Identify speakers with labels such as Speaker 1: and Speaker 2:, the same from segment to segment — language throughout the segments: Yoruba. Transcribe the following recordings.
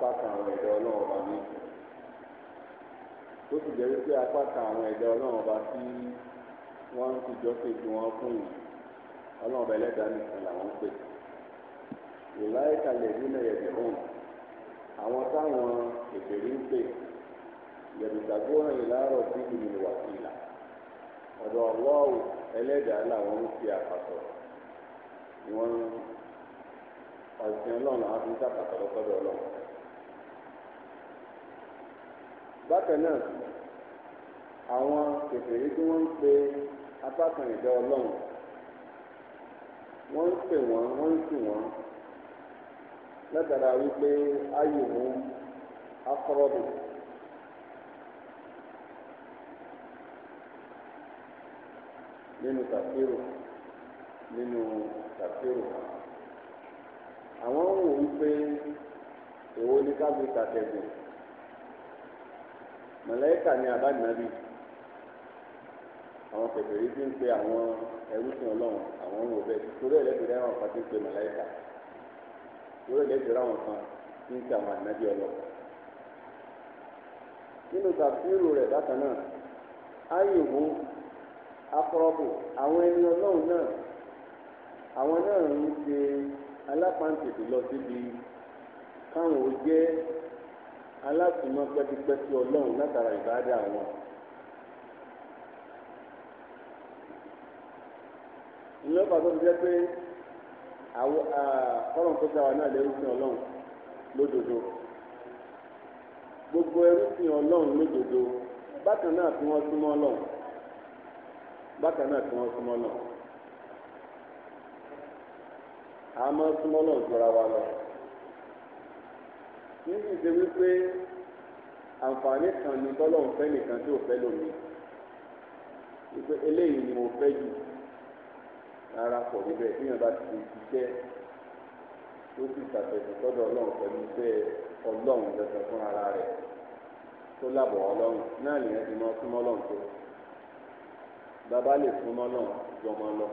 Speaker 1: apá kan àwọn ẹ̀dá ọlọ́run ọba ní tó sì jẹ́ wípé àwọn ọlọ́run ọba tí wọ́n ń fi jọ́sìn tí wọ́n fún yìí ọlọ́run ọba ẹlẹ́dàá nìkan làwọn ń pè ìláyẹ̀kalẹ̀ nínú ẹ̀dẹ̀ hàn àwọn táwọn èbèrè ń pè yẹ̀dùdàgbò hàn ìlàrọ̀ bí ìmìlíwà sí ìlà ọ̀dọ̀ ọlọ́run ẹlẹ́dàá làwọn ń fi àpàtọ̀ bákan náà àwọn kèfèrí tí wọ́n ń pe apákan ìjọ ọlọ́run wọ́n ń pè wọ́n wọ́n ń sì wọ́n látara wípé ayò mú akọ́rọ́bù. nínú tàfírò nínú tàfírò àwọn ń wò wípé èwo mọ̀lẹ́kà ni àbájáde àwọn kẹfẹ́rí ti ń pe àwọn ẹrúsìn ọlọ́run àwọn ohun ọ̀bẹ torí ẹlẹ́dẹ̀ẹ́dẹ́ àwọn kan ti ń pe mọ̀lẹ́kà torí ẹlẹ́dẹ̀ẹ́dẹ́ àwọn kan ti ń pe àwọn ànábì ọlọ́run nínú tàbílù rẹ̀ bákan náà ayòwò akọrọbù àwọn ẹni ọlọ́run náà àwọn náà ń ṣe alápáǹtẹ̀tẹ̀ lọ síbi káwọn ó jẹ́ aláàtúmọ̀ pẹ́kípẹ́kí ọlọ́run látara ìbáàdà wọn. ìlọ́pàá tó ti jẹ́ pé ọlọ́run tó sáwà náà lè rúfin ọlọ́run lódodo gbogbo ẹrúfin ọlọ́run lódodo bákan náà tí wọ́n súnmọ́ ọlọ́run bákan náà tí wọ́n súnmọ́ ọlọ́run àmọ́ súnmọ́ ọlọ́run jọra wa lọ kì í sì ṣe wípé àǹfààní kan ní bọ́lọ́hún fẹ́ nìkan tí ò fẹ́ lómi wípé eléyìí ni mo fẹ́ jù rárá pọ̀ níbẹ̀ bí yẹn bá ti ṣiṣẹ́ tó sì ṣàtẹ̀sí sọ́dọ̀ ọlọ́run pẹ̀lú iṣẹ́ ọlọ́run dandan fún ara rẹ̀ tó lábọ̀ ọlọ́run náà nìyẹn ti máa súnmọ́ ọlọ́run tó bàbá lè súnmọ́ ọlọ́run ju ọmọ lọ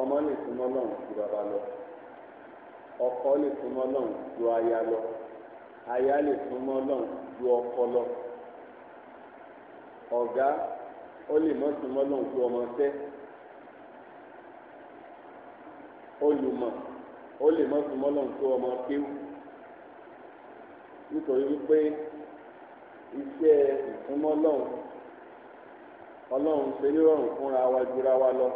Speaker 1: ọmọ lè súnmọ́ ọlọ́run ju bàbá lọ ọkọ lè súnmọ́ ọlọ́run ju aya lọ aya lè súnmọ́ ọlọ́run ju ọkọ lọ ọ̀gá ó lè mọ́ súnmọ́ ọlọ́run ju ọmọ sẹ́ olùmọ̀ ó lè mọ́ súnmọ́ ọlọ́run ju ọmọ kéwù nítorí wípé iṣẹ́ ìsúnmọ́ ọlọ́run ọlọ́run ṣe nírọ̀rùn fúnra wa jura wa lọ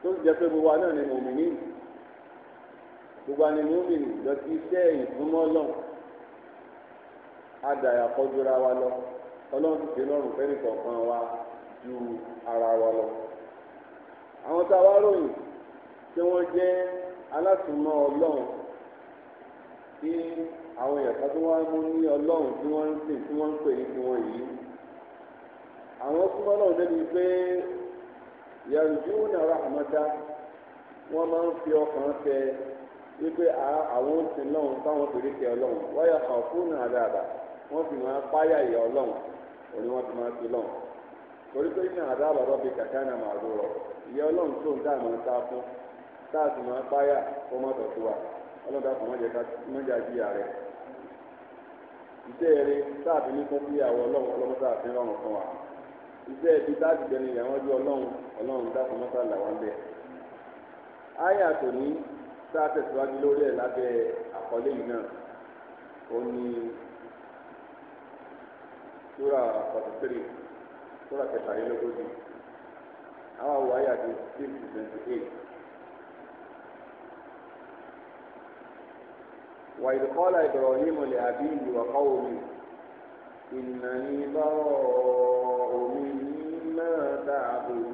Speaker 1: tó ń jẹ́ pé gbogbo wa ni mòmìnir gbogbo ànínú mìíràn lọtí iṣẹ́ ìfúnmọ́ lọ adàyà kọjúra wa lọ ọlọ́run ti fi lọ́rùn fẹ́ni kọ̀ọ̀kan wa ju ara wa lọ. àwọn tá a wá ròyìn tí wọ́n jẹ́ alátùmọ̀ ọlọ́run tí àwọn èèyàn kan tó wá mú ní ọlọ́run tí wọ́n ń sìn tí wọ́n ń pè ní tiwọn yìí àwọn súnmọ́ náà débi pé yàrá ìdíwọ́n náà rà àmọ́ta wọ́n máa ń fi ọkàn tẹ wípé àwọn ti lọ́hùn táwọn pèrè tẹ ọlọ́hùn wáyà kan fóònù àdáàbà wọ́n fi máa páyà ìyá ọlọ́hùn òní wọ́n fi máa fi lọ́hùn torí pé ní àdáàbà bá fi kàkà náà máa rò rọ̀ ìyá ọlọ́hùn tó ń dà máa ta fún táà sì máa páyà kó má tọ̀ wa ọlọ́dà má ká má eré ní fún bí àwọn rọrùn fún wa tá a tẹ̀síwájú lórí ẹ̀ lábẹ́ àkọlé yìí náà ó ní súrà forty three súrà kẹtàlélógójì àwọn àwọn àyà di six twenty eight. وإذ قال إبراهيم لأبيه وقومه إنني براء مما تعبدون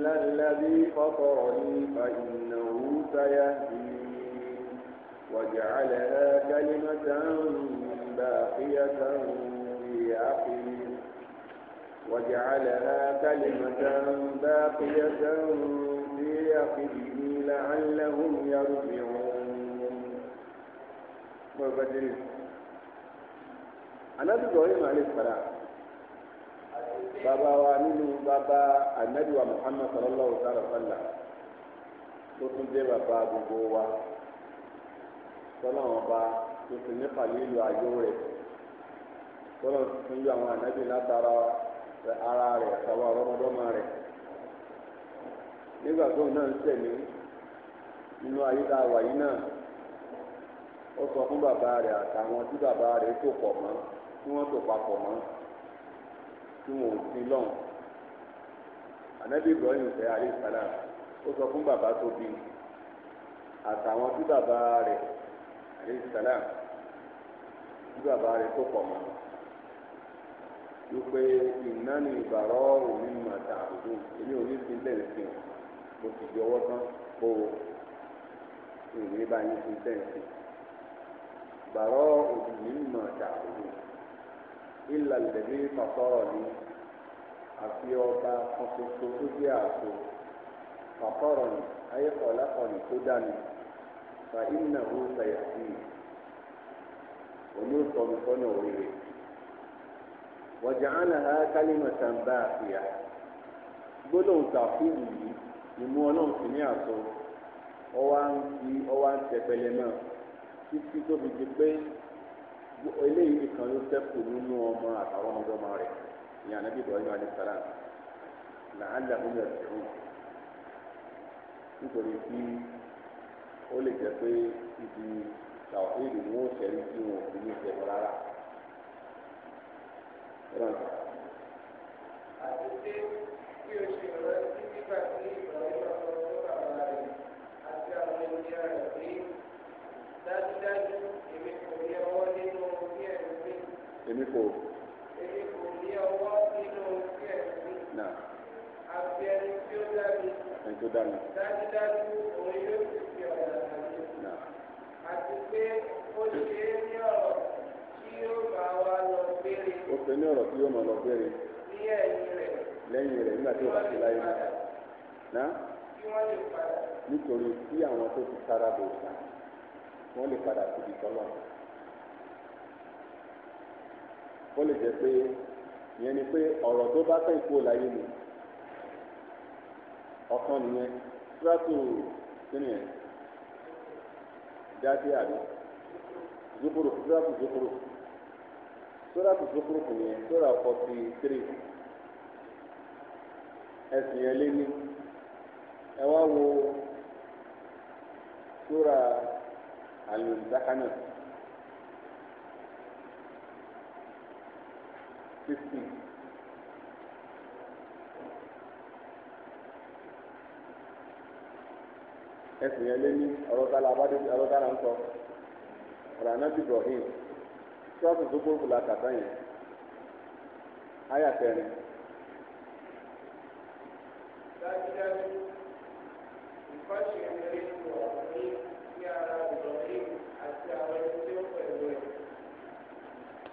Speaker 1: إلا الذي فطرني فإنه سيهدين وجعلها كلمة باقية في عقله
Speaker 2: وجعلها كلمة باقية في عقله لعلهم يرجعون مبدل
Speaker 1: أنا بدوي عليه السلام bàbá wa nínú bàbá anabi wa muhammad sallallahu alaihi wa sallam tó tún jẹ́ gbogbo wa sọlọ́wọ́n ba tó sì ní kàlílù re. rẹ̀ sọlọ́wọ́n ti yọ àwọn anabi látara ara rẹ̀ sábà rọ́mọdọ́mọ rẹ̀ nígbà tó náà ń sẹ̀mí nínú ayélujára wàyí náà ó sọ fún bàbá rẹ̀ àtàwọn tí bàbá rẹ̀ tó pọ̀ mọ́ tí wọ́n tó papọ̀ tí wọn ò sin lọ́hùn anabi ibrahim fẹ́ aleyhisalaam ó sọ fún bàbá tó bí àtàwọn tí bàbá rẹ̀ aleyhisalaam tí bàbá rẹ̀ tó pọ̀ mọ́ wípé ìnáni ìbàrọ̀ òní màtà àbùdó èmi ò ní sin tẹ̀lé sí wọn mo sì di ọwọ́ tán kó o ìrìn bá yín sin tẹ̀lé sí bàrọ̀ òní màtà àbùdó ilà lẹ́bí fàtọ́rọ̀ ni àfi ọba kan ṣoṣo tó jẹ́ àpò fàtọ́rọ̀ ni ayékọ̀ọ́lákọ̀ ni tó dání fa iná ó sàyà sí i òní ó sọ mi ha kálímọ̀ sàǹbà àfìyà gbólóhùn tàfíìlì yìí ìmú ọlọ́run sì ní àtọ́ ọwá ń fi ọwá ń tẹpẹlẹ náà títí tó fi pé eléyìí kan ló sẹ́kù nínú ọmọ àtàwọn ọmọdé ọmọ rẹ̀ ní anabi ibrahim alayisalaam làálà ń yẹ ẹ̀rù nítorí tí ó lè jẹ́ pé ibi tàwọn èdè wọn ò sẹ́rí tí wọn ò fi ní ìṣẹ̀lẹ̀ rárá.
Speaker 2: àti pé dájúdájú èmi kò ní ọwọ́ nínú orí ẹ̀rù mi. èmi kò. èmi kò ní ọwọ́ nínú orí ẹ̀rù mi. nà. àfi ẹni tí ó dá mi. ẹni tó dá mi. dájúdájú òun yóò ti fi ọ̀rọ̀ dà mí. nà. àti pé ó ṣe é ní ọ̀rọ̀ tí yóò máa wá lọ gbére. ó ṣe ní ọ̀rọ̀ tí yóò máa lọ gbére. ní ẹ̀yìn rẹ̀. lẹ́yìn rẹ̀ nígbà tí ó bá ti láyé náà. ná. kí wọ́n lè padà.
Speaker 1: nítorí tí àwọn tó ti sára bò sàn. wọ́n lè padà síbi tọ́lọ̀ ó lè jẹ́ pé ìyẹn ni pé ọ̀rọ̀ tó bá fẹ́ kú láyé mi ọ̀kan nìyẹn yẹn jáde zokoro zokoro zokoro kò yẹn ẹsìn ẹ wá àlùmíṣàkánà fifty. ẹsìn yẹn lé ní ọlọ́tàlá abádébí ọlọ́tàlá ń sọ ọ̀rọ̀ anábì Ibrahim ṣọ́ọ̀tù tó gbóògùn yẹn kẹrin.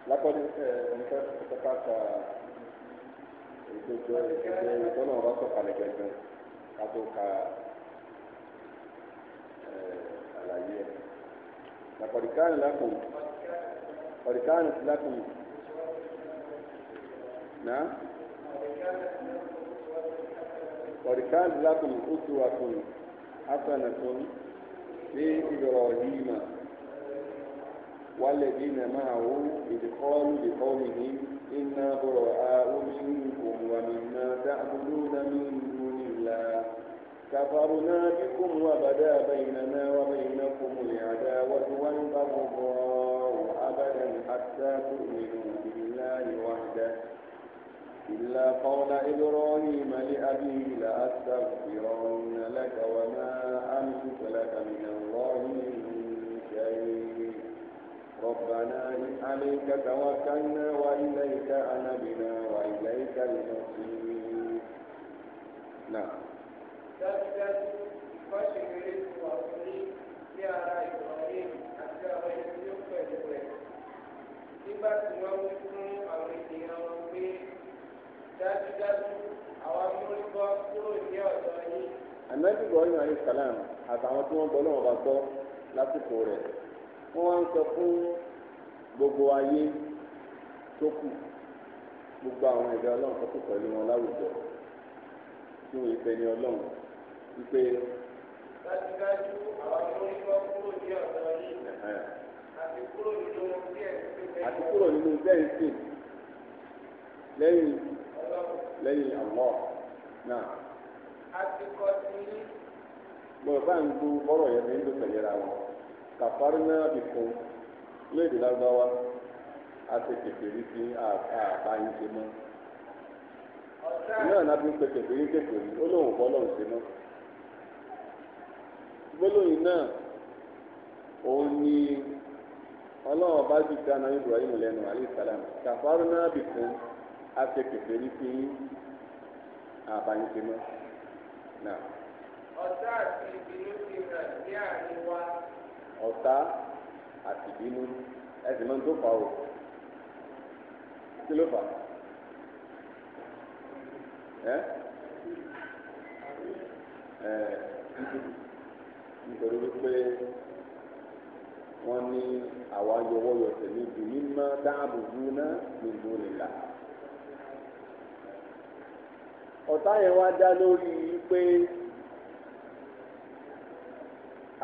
Speaker 1: lápẹ́ ní eh, nǹkan kẹta ka ìdójú eh, ìdójú tọ́nà ọ̀rọ̀ sọ̀kalẹ̀ gẹ̀gẹ̀ kátó ka eh, àlàyé ẹ̀. Làkọ̀dìkánì lákùn kọ̀dìkánì lákùn náà kọ̀dìkánì lákùn ó tu àkùn afẹ́nàkùn sí Ibrahima. والذين معه إذ قالوا لقومهم إنا براء منكم ومما تعبدون من دون الله كفرنا بكم وبدا بيننا وبينكم العداوة والبغضاء أبدا حتى تؤمنوا بالله وحده إلا قول إبراهيم لأبيه لأستغفرن لك وما أملك لك من الله ربنا عليك توكلنا وإليك أنبنا وإليك المصير نعم
Speaker 2: تبدأ فشكر الوصول يا إبراهيم حتى غير يقبل nígbà tí wọ́n wí fún àwọn ènìyàn wọn pé dájúdájú àwọn amúrúgbọ́ kúrò ní ọ̀dọ̀ yìí.
Speaker 1: ànájú gbọ́ yàn ayé sàlám àtàwọn tí wọ́n gbọ́ náà wà gbọ́ lásìkò rẹ̀ wọ́n wá ń sọ fún gbogbo ayé tó kù gbogbo àwọn ẹ̀dá ọlọ́run tó kù pẹ̀lú wọn láwùjọ tí wọ́n ìpè ní ọlọ́run wípé.
Speaker 2: dájúdájú àwọn tó ń bọ́ kúrò ní ọ̀dọ́ yìí àti kúrò nínú ń sìn. àti kúrò nínú
Speaker 1: ń sìn lẹ́yìn lẹ́yìn àmọ́ náà.
Speaker 2: àti kọ́ sí.
Speaker 1: kàfárínà bìkún léèdè lágbáwá àti kékeré sí àbáyé ṣe mọ́ náà nàbí pé kékeré kékeré ó lóun bọ́ lọ́hùn ṣe mọ́ gbólóyìn náà òun ni ọlọ́run bá jù sí àná Ibrahim lẹ́nu alayhisalaam kàfárínà bìkún àti kékeré sí àbáyé ṣe mọ́ náà.
Speaker 2: àti ìbínú ti hàn ní àárín
Speaker 1: ọ̀tá àti ìbínú ẹ̀sìn máa ń tó fà o kí ló fà ẹ́ ẹ́ nítorí wípé wọ́n ní àwa yọwọ́yọ tẹ̀lé ju mímọ́ dáàbò dúná nínú nìlà.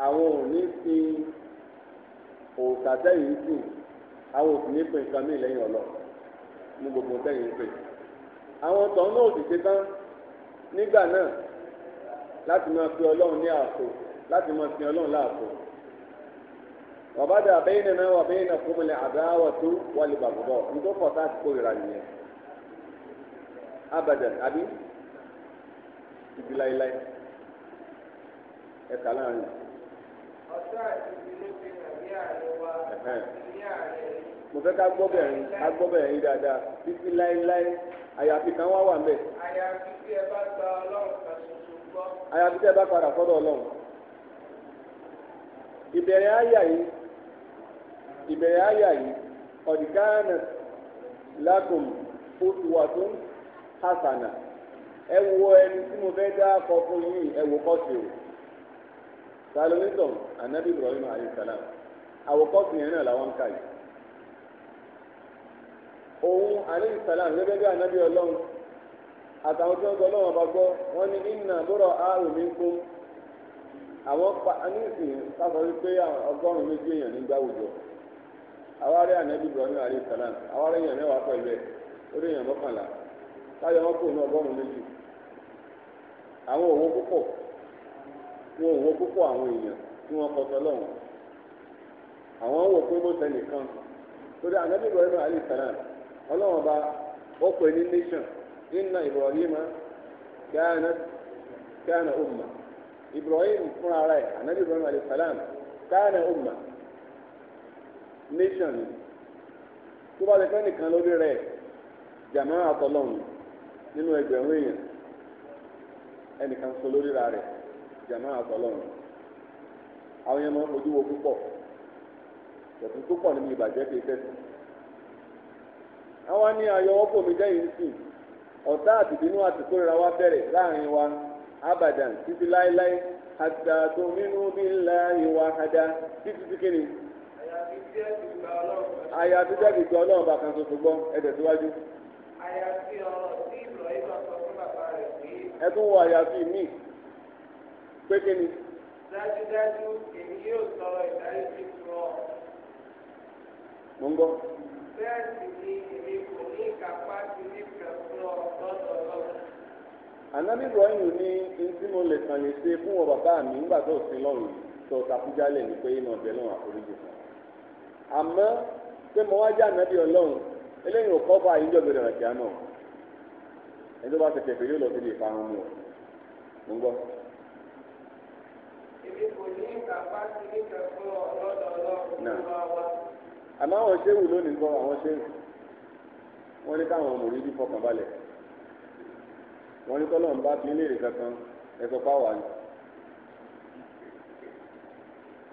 Speaker 1: àwọn ò ní fi òòtà tẹ́yìn sìn àwọn òsì ní pè nǹkan mí lẹ́yìn ọ̀lọ́ ní gbogbo tẹ́yìn pè àwọn tọ̀ náà sì ṣe tán nígbà náà láti máa fi ọlọ́run ní ààtò láti máa fi ọlọ́run láàtò wàbádà àbẹ́yìn náà wàbẹ́yìn náà fún mi lẹ́ àdáwọ̀ tó wọlé bàbùbọ̀ nítorí pọ̀ táà ti kórìíra nìyẹn abadan àbí ibi láéláé ẹ̀ka láàrin.
Speaker 2: mo fẹ́ ká gbọ́ bẹ̀rẹ̀ ká gbọ́ bẹ̀rẹ̀ yín dáadáa títí láéláé àyàfi kan wá wà mẹ́. àyàfi tí ẹ bá gba ọlọ́run kan ṣoṣo gbọ́.
Speaker 1: àyàfi tí ẹ bá padà sọ́dọ̀ ọlọ́run. ìbẹ̀rẹ̀ àyà yìí ìbẹ̀rẹ̀ àyà yìí ọ̀dìgáàna lákòm kọ fún o. sálónítọ̀ anabi ibrahim alayisalaam àwòkọ́sùn yẹn náà na ń kà yìí òun alayisalaam anabi ọlọ́run àtàwọn tí wọ́n gbọ́ lọ́wọ́ bá gbọ́ wọ́n ní inna bura'a minkum àwọn pa anísìn sábà wípé ọgọrụ ún méjì èèyàn nígbà àwùjọ àwọn anabi ibrahim alayisalaam àwọn táyọ̀ ní ọgọ́rùn-ún méjì àwọn òwò wọn ò wo púpọ̀ àwọn èèyàn tí wọ́n kọ́tọ́ lọ́wọ́ àwọn wò pé bó ṣe nìkan torí ànábì Ibrahim alayhi salam ọlọ́wọ́n bá ó pè ní nation inna Ibrahima kana kana umma Ibrahim fúnra rẹ̀ Ibrahim alayhi salam kana umma nation ni tó bá lè fẹ́ nìkan lórí rẹ̀ jàmáà àtọ́lọ́hún nínú ẹgbẹ̀rún èèyàn ẹnìkan sọ lórí jamaat àtọlọ́run àwọn yẹn máa ń fojú wo púpọ̀ tẹ̀sùn tó pọ̀ nínú ìbàjẹ́ kì í àwa ní ayọ̀wọ́pọ̀ mi jẹ́ yìí sìn ọ̀tá àtìbínú àtìkórira wa bẹrẹ láàrin wa abadan títí láéláé títí tí kìíní.
Speaker 2: jẹ́ kìí gba ọlọ́run
Speaker 1: bàkan tuntun gbọ́ ẹ tẹ̀síwájú.
Speaker 2: àyàfi ọ̀rọ̀ tí ìbùrọ̀ yìí sọ fún bàbá pé kí ni. dájúdájú èmi yóò sọ ìdáríjì fún mo ń gbọ́. bẹ́ẹ̀ sì ni èmi kò ní ìkápá ti ní kan fún lọ́dọ̀
Speaker 1: mo lè kàn lè fún ọ bàbá mi lọ́rùn sọ takújálẹ̀ ní ọbẹ̀ náà àforíjì àmọ́ pé mo wá ànábì eléyìí ò kọ́ bá ẹni bá tẹ̀tẹ̀
Speaker 2: èmi kò ní kápá sí ní kẹfọ́ ọlọ́dọ̀ ọlọ́run tó wá wá. àmọ́ àwọn ṣéwù
Speaker 1: lónìí gbọ́ àwọn ṣéwù wọ́n ní káwọn ọmọ òrìdí fọkàn balẹ̀ wọ́n ní tọ́lọ́run bá fi léèrè kankan ẹ̀sọ́ páwà ni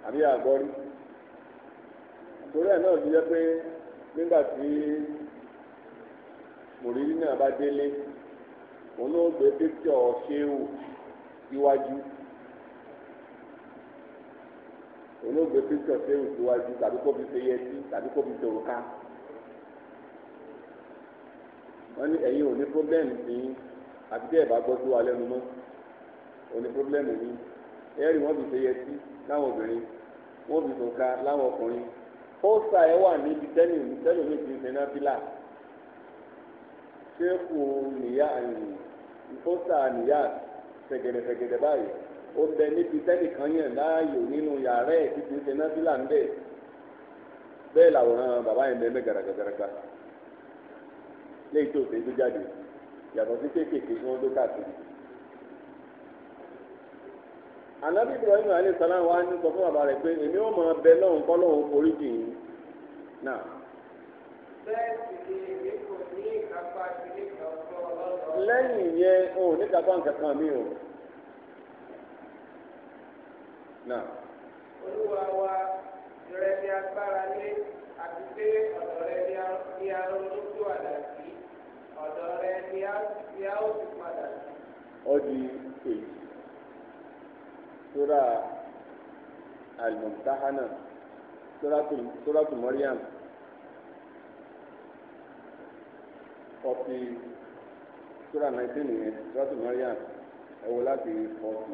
Speaker 1: àbí àgọ́rí torí ẹ̀ náà ti jẹ́ pé nígbà tí mòrírí náà bá délé òun náà gbé píkítọ̀ ṣéwù síwájú. òun ó gbé píṣọ̀ sẹ́yìn síwájú tàbí kó fi ṣe yẹtí tàbí kó fi ṣe òrùka wọ́n ní ẹ̀yin ò ní pọ́blẹ́mù sí àti bí ẹ̀ bá gbọ́ sí wa lẹ́nu mọ́ ò ní pọ́blẹ́mù yín ẹ̀rí wọ́n fi ṣe yẹtí láwọn obìnrin wọ́n fi ṣòka láwọn ọkùnrin pósítà ẹ̀ wà níbi tẹ́lẹ̀ mi tẹ́lẹ̀ mi ti ń sẹ́ná fílà ṣé kò níyà pósítà níyà fẹ̀gẹ̀dẹ̀fẹ̀gẹ̀dẹ̀ báyìí. ó bẹ níbi kanye yàn láàyò nínú yàrá ẹ̀ títí ṣe násìlà ń bẹ̀ bẹ́ẹ̀ làwòrán bàbá yẹn bẹ́ẹ̀ gàràgàràgà léyìí tó ṣe é tó jáde yàtọ̀ sí kéékèèké tí wọ́n tó káàkiri. Ànábì Ibrahim alayhi salam wa ní sọ fún bàbá rẹ pé èmi ò mọ bẹ lọ́hùn kọ́ lọ́hùn orí jì yín
Speaker 2: náà. lẹ́yìn
Speaker 1: yẹn òun mi o.
Speaker 3: náà.
Speaker 2: olúwa wa rẹ ni agbára lé àti pé ọ̀dọ̀ rẹ ni a ronú tó àdàsí ọ̀dọ̀ rẹ ni a ó ti padà sí.
Speaker 1: ó di èyí sura al-mumtahana sura tu Maryam forty sura nineteen yẹn sura tu Maryam ẹ wo láti forty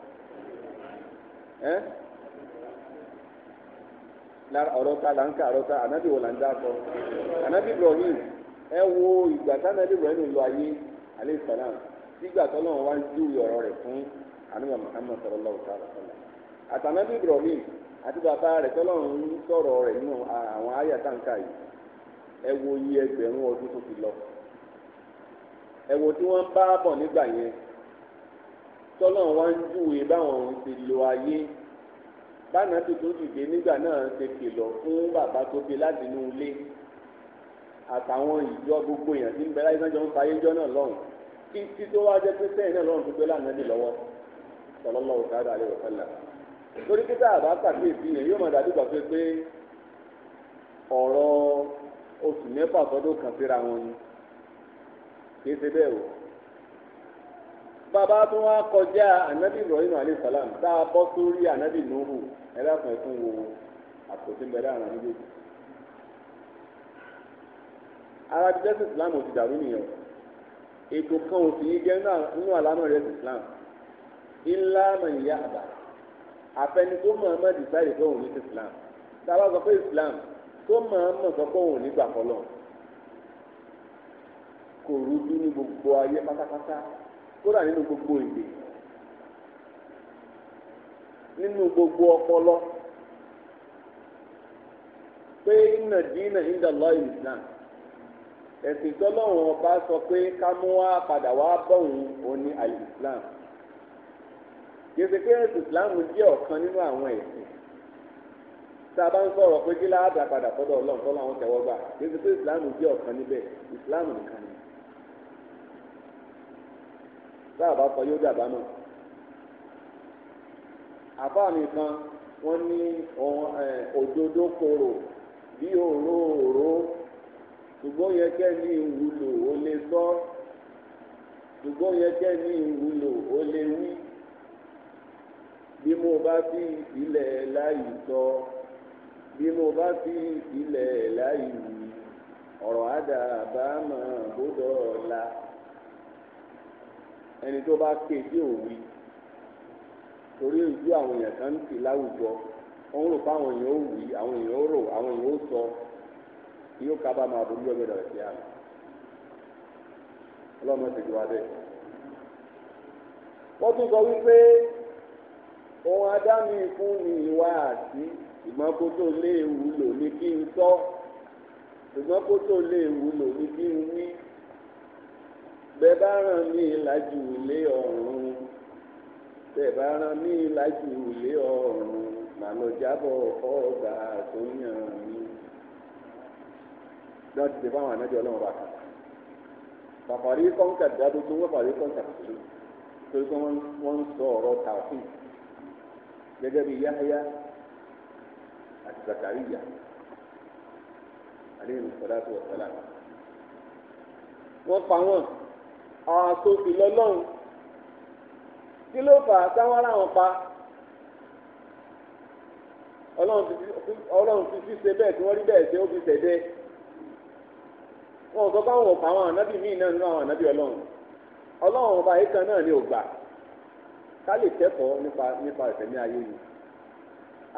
Speaker 1: ẹ́ lára ọ̀rọ̀ ta là ń ka ọ̀rọ̀ ta ànábì wò là ń dáko ànábì Ibrahim ẹ wo ìgbà Ibrahim ayé alẹ́ sàlám wá ń ọ̀rọ̀ rẹ̀ fún ànábì Ibrahim àti bàbá rẹ̀ ń sọ̀rọ̀ rẹ̀ nínú àwọn àyà ka yìí ẹ wo iye ẹgbẹ̀rún ọdún tó fi lọ ẹ wo tí wọ́n bá bọ̀ nígbà yẹn tọ́lọ̀ wá ń júwe báwọn òun ti lo ayé báná ti tó dìde nígbà náà ṣe kìlọ̀ fún bàbá tó fi láti inú ilé àtàwọn ìjọ gbogbo èèyàn tí ń bẹ láyé náà jọ ń fa ayéjọ́ náà lọ́hùn títí tó wá jẹ́ pé sẹ́yìn náà lọ́hùn tó gbé lánàá dì lọ́wọ́ sọlọ́lọ́ òkàdà àlẹ́ òkàlà torí pé tá a bá pàkíyèsí yẹn yóò máa dàbí gbàgbé pé ọ̀rọ̀ oṣù mẹ́fà sọ́dún kan síra wọn ni kì í ṣe bẹ́ẹ̀ o bàbá tó wá kọjá ànábì ibrahim aleyhisalaam tá a bọ́ sórí ànábì nuhu ẹlẹ́kùn ẹ̀kún wo àkótí bẹ̀rẹ̀ àwọn méjèèjì. ara jẹ́sí islam ò ti dàrú nìyẹn ètò kan ò sì ní jẹ́ nínú àlámọ̀ rẹ̀ islam illa man ya'ba àfẹni tó muhammed ìsáyè tó òun ní islam tá a bá sọ pé islam tó muhammed sọ pé òun nígbà fọlọ́ kò rújú ní gbogbo ayé pátápátá. kódà nínú gbogbo èdè nínú gbogbo ọpọlọ pé iná dínà ìdá lọ́ọ̀yì islam ẹ̀sìn tọ́lọ́run ọba sọ pé ká mú wá padà wá bọ̀hún òní islam pé ẹ̀sìn islam jẹ́ ọ̀kan nínú àwọn ẹ̀sìn tá a bá ń sọ̀rọ̀ pé kí láàdà padà fọ́dọ̀ ọlọ́run tọ́lọ́run gbà pé islam jẹ́ ọ̀kan níbẹ̀ islam nìkan tá a bá kọ yóò dàbá mọ́ àbá mi kan wọ́n ní òdodo korò bí òró òró ṣùgbọ́n yẹ kẹ́ ní ìwúlò ó lè sọ ṣùgbọ́n yẹ kẹ́ ní ìwúlò ó lè wí bí mo bá fi ìpìlẹ̀ láyì sọ bí mo bá fi ìpìlẹ̀ láyì wí ọ̀rọ̀ àdàbà máa gbọ́dọ̀ la ẹni tó bá ké tí ò wí torí ojú àwọn èèyàn kan ń tì láwùjọ wọn rò pé àwọn èèyàn ó wí àwọn èèyàn ó rò àwọn èèyàn ó sọ yóò kábà máa borí ọgbẹ dọrẹ sí àná ọlọ́mọ ti di wa bẹ́ẹ̀. wọ́n tún sọ wípé ohun adámi fún ni ìwà àti ṣùgbọ́n léèwú lò ní kí n sọ ṣùgbọ́n léèwú lò ní kí n wí bẹ́ẹ̀ bá ràn mí lájú ilé ọ̀run bẹ́ẹ̀ bá ràn mí lájú ilé ọ̀run màá lọ jábọ̀ ọ̀gá tó yàn mí. bí wọ́n ti ṣe fáwọn ànájọ́ ọlọ́run bá kàn. pàpàrí kọ́ńtà dádó tó wọ́n pàrí kọ́ńtà tó torí pé wọ́n ń sọ ọ̀rọ̀ tààfù gẹ́gẹ́ bí Yahya àti Zakariya aleyhi salatu wa salam
Speaker 2: wọ́n pa wọ́n. àwọn tó fi
Speaker 1: lọ́lọ́run kí ló fà á táwọn ará pa ọlọ́run fi ṣíṣe bẹ́ẹ̀ tí wọ́n rí bẹ́ẹ̀ ṣe ó fi ṣẹ̀dẹ́ wọn sọ fáwọn ọ̀pọ̀ àwọn ànábì míì náà nínú àwọn ànábì ọlọ́run ọlọ́run ọba náà ni ò gbà ká lè kẹ́kọ̀ọ́ nípa nípa ìfẹ̀mí ayé yìí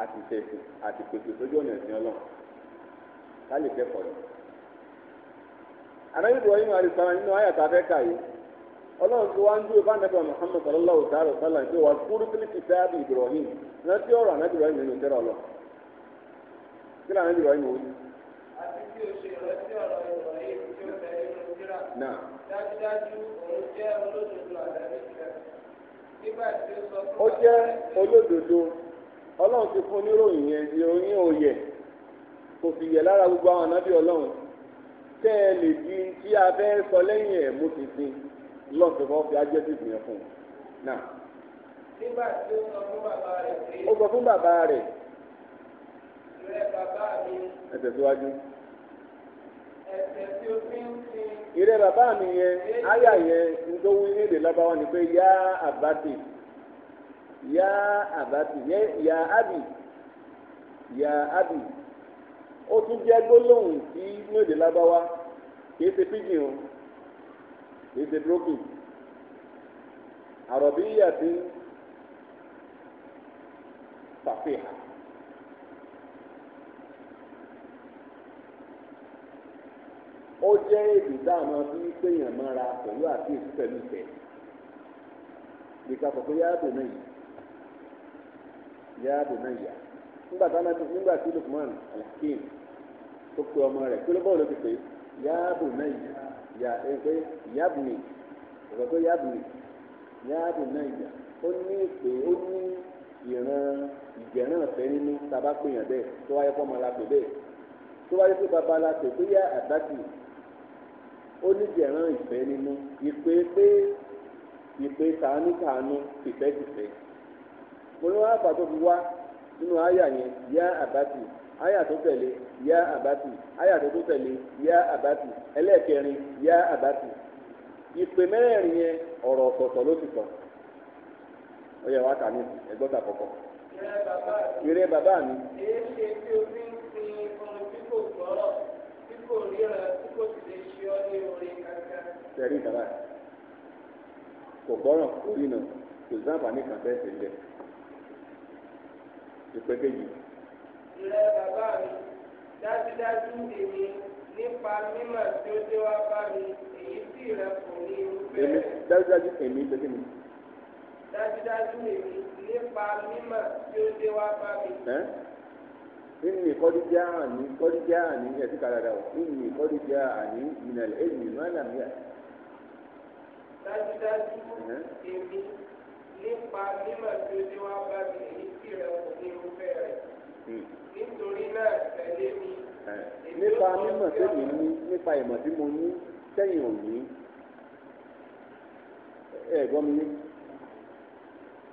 Speaker 1: àti ìṣẹ̀sìn àti pèsè sójú ọ̀nà ọlọ́run ká lè kẹ́kọ̀ọ́ yìí. nínú ọlọ́run tó wá ń dúró bá nàbẹ̀ Muhammad sallallahu ta'ala sálà ń pè wá kúrúkúrú ti fẹ́ àbí Ibrahim rántí ọ̀rọ̀ ànábì Ibrahim nínú tẹ́rọ lọ. kí ni ànábì Ibrahim wò ó.
Speaker 2: àti tí o ṣe ìrántí ọ̀rọ̀ Ibrahim tí ó fẹ́ inú kíra. dájúdájú òun jẹ́ olódodo nígbà tí ó sọ fún. gbogbo
Speaker 1: àwọn ọlọ́run lè di sọ lẹ́yìn ẹ̀ lọ́ọ̀tì bọ́ fi ajẹ́ bíbí yẹn fún un náà.
Speaker 2: nígbà tí ó sọ fún bàbá rẹ̀ pé. ó sọ fún bàbá rẹ̀. rẹ bàbá mi. ẹ tẹ̀síwájú. ẹsẹ̀ tí o fi ń sin. ìrẹ́ bàbá mi yẹn áyà yẹn
Speaker 1: nítorí nílẹ̀ lọ́bàwọ́ ni pé yá àbátì yá àbátì yá àbì yá àbì ó tún jẹ́ gbólóhùn sí kìí ṣe broken àròbíyà ti ń ṣàfihàn. ó jẹ́ èdè dáhùn bí péyàn mọ́ra pẹ̀lú àkíyèsí pẹ̀lú ìfẹ́ bí ká sọ pé yáàbò náà yìí yáàbò náà yà nígbà tí wọn nígbà tí Lukman al tó pe ọmọ rẹ̀ pé ló bọ́ọ̀lù ti pè yáàbò náà yìí yà eh, pé yabni ọ̀sán pé yabni yáàbù náà ìjà ó ní ìpè ó ní ìran ìjẹ̀rán fẹ́ nínú tàbá péyàn bẹ́ẹ̀ tó wáyé fọ́mọ la pè bẹ́ẹ̀ tó wáyé pé bàbá la pè pé yá àdákì ó ní ìjẹ̀rán ìfẹ́ nínú ìpè pé ìpè tàánú tàánú tìfẹ́ tìfẹ́ mo ní wàá fà tó fi wá nínú àyà yẹn yá àdákì. aya tó tẹ̀lé ya abati. aya tó tó tẹ̀lé yá àbátì ẹlẹ́ẹ̀kẹrin ya abati. ìpè mẹ́rẹ̀ẹ̀rin yẹn ọ̀rọ̀ ọ̀tọ̀ọ̀tọ̀ ló ti sọ ó yẹ wá kà kọ̀kọ̀.
Speaker 2: ìrẹ́ bàbá mi. èyí ṣe tí o fi ń sin ohun tí kò gbọ́rọ̀ tí kò tí kò sì lè ṣe ọ́ ní orin kankan.
Speaker 1: kò gbọ́rọ̀ kò rí
Speaker 2: ìrẹ́ bàbá mi dájúdájú èmi nípa mímọ̀ tí ó dé wá bá mi èyí tí ìrẹ́ kò ní irúfẹ́ rẹ̀.
Speaker 1: dájúdájú èmi lókè mi.
Speaker 2: dájúdájú èmi nípa mímọ̀ tí ó dé wá bá mi.
Speaker 1: إني قد جاءني قد جاءني يتك على دواء إني قد جاءني من العلم ما لم يأت
Speaker 2: dájúdájú èmi nípa mímọ̀ tí ó dé wá bá mi èyí tí ìrẹ̀ kò ní irúfẹ́ rẹ̀ nítorí náà tẹ̀lé mi. nípa mímọ̀
Speaker 1: tèmi ní nípa ìmọ̀ tí mo ní sẹ́yìn ò ní ẹ gbọ́ mi ní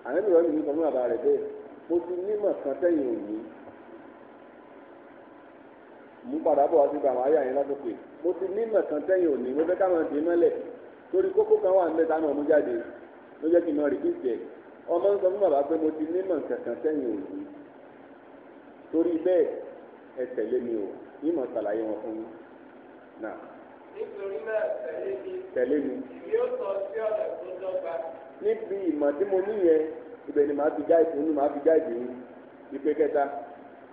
Speaker 1: àlẹ́ mi rọ́ mi ní sọ fún bàbá rẹ̀ bẹ́ẹ̀ mo ti nímọ̀ kan sẹ́yìn ò ní mú padà bọ̀ wá sí gbàmọ́ ayé àyẹ̀lá tó pè mo ti nímọ̀ kan sẹ́yìn ò ní mo fẹ́ káwọn ti mọ́lẹ̀ torí kókó kan wà níbẹ̀ táwọn ọmọ jáde ló jẹ́ kí n máa rìkíìtì ẹ̀ ọmọ ń bàbá pé mo ti nímọ̀ kankan sẹ́yìn òní torí bẹ́ẹ̀ ẹ tẹ̀lé mi o yìí mọ̀ ṣàlàyé wọn fún mi náà.
Speaker 2: nítorí náà tẹ̀lé mi. tẹ̀lé mi. ìwé ó sọ sí ọ̀nà tó dọ́gba. níbi ìmọ̀ tí mo
Speaker 1: ní yẹn ibẹ̀ ni màá fi já ìdùnnú màá fi já ìdùnnú ìpè kẹta.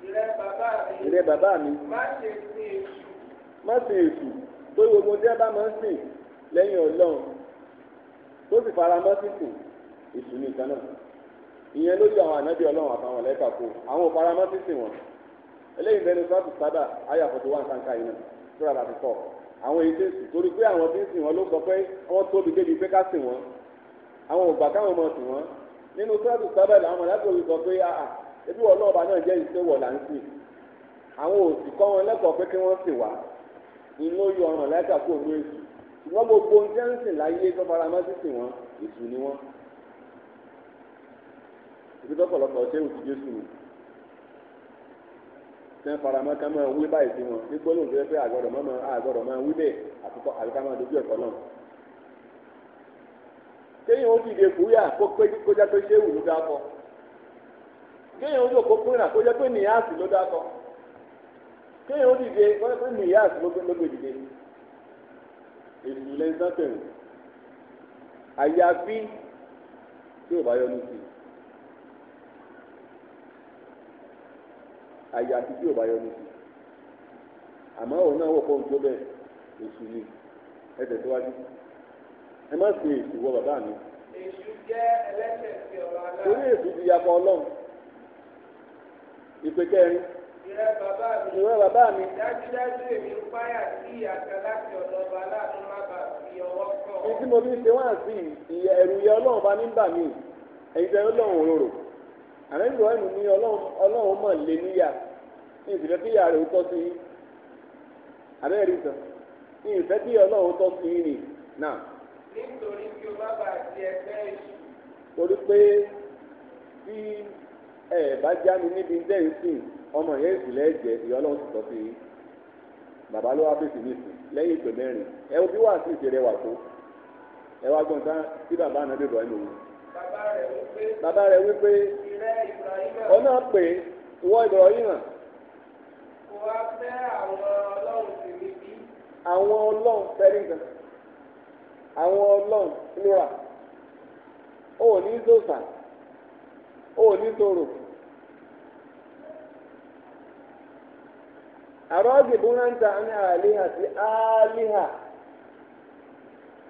Speaker 2: ìrẹ bàbá mi. ìrẹ bàbá mi. má ṣe sí èṣù.
Speaker 1: má ṣe èṣù tó gbogbo tí ẹ bá máa ń sìn lẹ́yìn ọlọ́run tó sì fara mọ́ sísìn èṣù ní ìtàn náà ìyẹn ló yọ àwọn ànábì ọlọ́run àtàwọn ẹ̀lẹ́kà kó àwọn òfaramọ́ ti sìn wọn eléyìí bẹni sọ́ọ̀tù sábà ayé àfọ̀tò wà nǹkan yìí náà sọ́ra láti tọ̀ àwọn èyí tẹ̀sí torí pé àwọn tí ń sìn wọn ló sọ pé wọ́n tóbi débi pé ká sìn wọn àwọn ògbà káwọn ọmọ sìn wọn nínú sọ́ọ̀tù sábà làwọn mọ̀lẹ́kọ̀ọ́ yìí sọ pé àà ebi wọ́n lọ́ọ̀bà náà jẹ́ ìṣèwọ̀ là ń sìn àwọn òsì kọ́ wọn lẹ́kọ̀ọ́ pé kí wọ́n sìn wá inú yọ ọ̀ràn lẹ́kà kó ibi tọ́pọ̀lọpọ̀ ṣé òtí jésù ni tẹ́ faramọ́ ká máa wí báyìí sí wọn ní gbólóhùn tó yẹ pé àgọ́dọ̀ máa àgọ́dọ̀ máa wí bẹ́ẹ̀ àtúkọ́ àbí ká máa dojú ẹ̀kọ́ náà. kéèyàn ó dìde fúyà kó pé ló kéèyàn ó pínrà ló yọ ní àyà àti tí ò bá yọnu sí àmọ́ òun náà wọ̀ fóun tó bẹ́ẹ̀ èṣù ni ẹ tẹ̀síwájú ẹ má ṣe èṣù wọ bàbá
Speaker 2: mi. èṣù jẹ́ ẹlẹ́sẹ̀ sí ọ̀rọ̀ aláàbò. torí èṣù ti yakọ̀
Speaker 1: ọlọ́run ìpè kẹrin.
Speaker 2: ìrẹ́ bàbá mi. ìrẹ́ bàbá mi. dájúdájú èmi ń páyà sí àṣà láti ọ̀dọ̀ ọba aláàánú má bà fi ọwọ́ kọ̀. ní tí mo fi
Speaker 1: ṣe wá sí ìyẹ ẹ̀rù yẹ ọlọ́run bá ní bà mí ẹ̀yin tẹ́ ọlọ́run òróró àrẹ́gbẹ̀wá ni ọlọ́run mọ̀ lé níyà ìfìfẹ́ kí ìyá rẹ̀ ó tọ́ sí yín abẹ́rẹ́ rí sọ ìfẹ́ kí ọlọ́run tọ́ sí
Speaker 2: o bá ẹgbẹ́ torí pé tí
Speaker 1: ẹ bá já mi níbi ọmọ yẹn ẹ̀jẹ̀ ìyá ọlọ́run ti tọ́ sí yín bàbá ló wá fèsì nísìn lẹ́yìn ìpè mẹ́rin ẹ wo bí wàá sí ìṣeré wà tó ẹ wá gbọ́n tán tí bàbá wípé.
Speaker 2: bàbá rẹ̀ wípé. ìrẹ́ ìbùrọ̀
Speaker 1: yìí ọ náà yìí
Speaker 2: kò wá fẹ́ àwọn ọlọ́run tèmi bí.
Speaker 1: àwọn ọlọ́run fẹ́rí gan àwọn ọlọ́run lóra ó ní zòsà ó ní toro.
Speaker 2: àrọ́ọ̀gì bó ń ta ní àléhà sí áléhà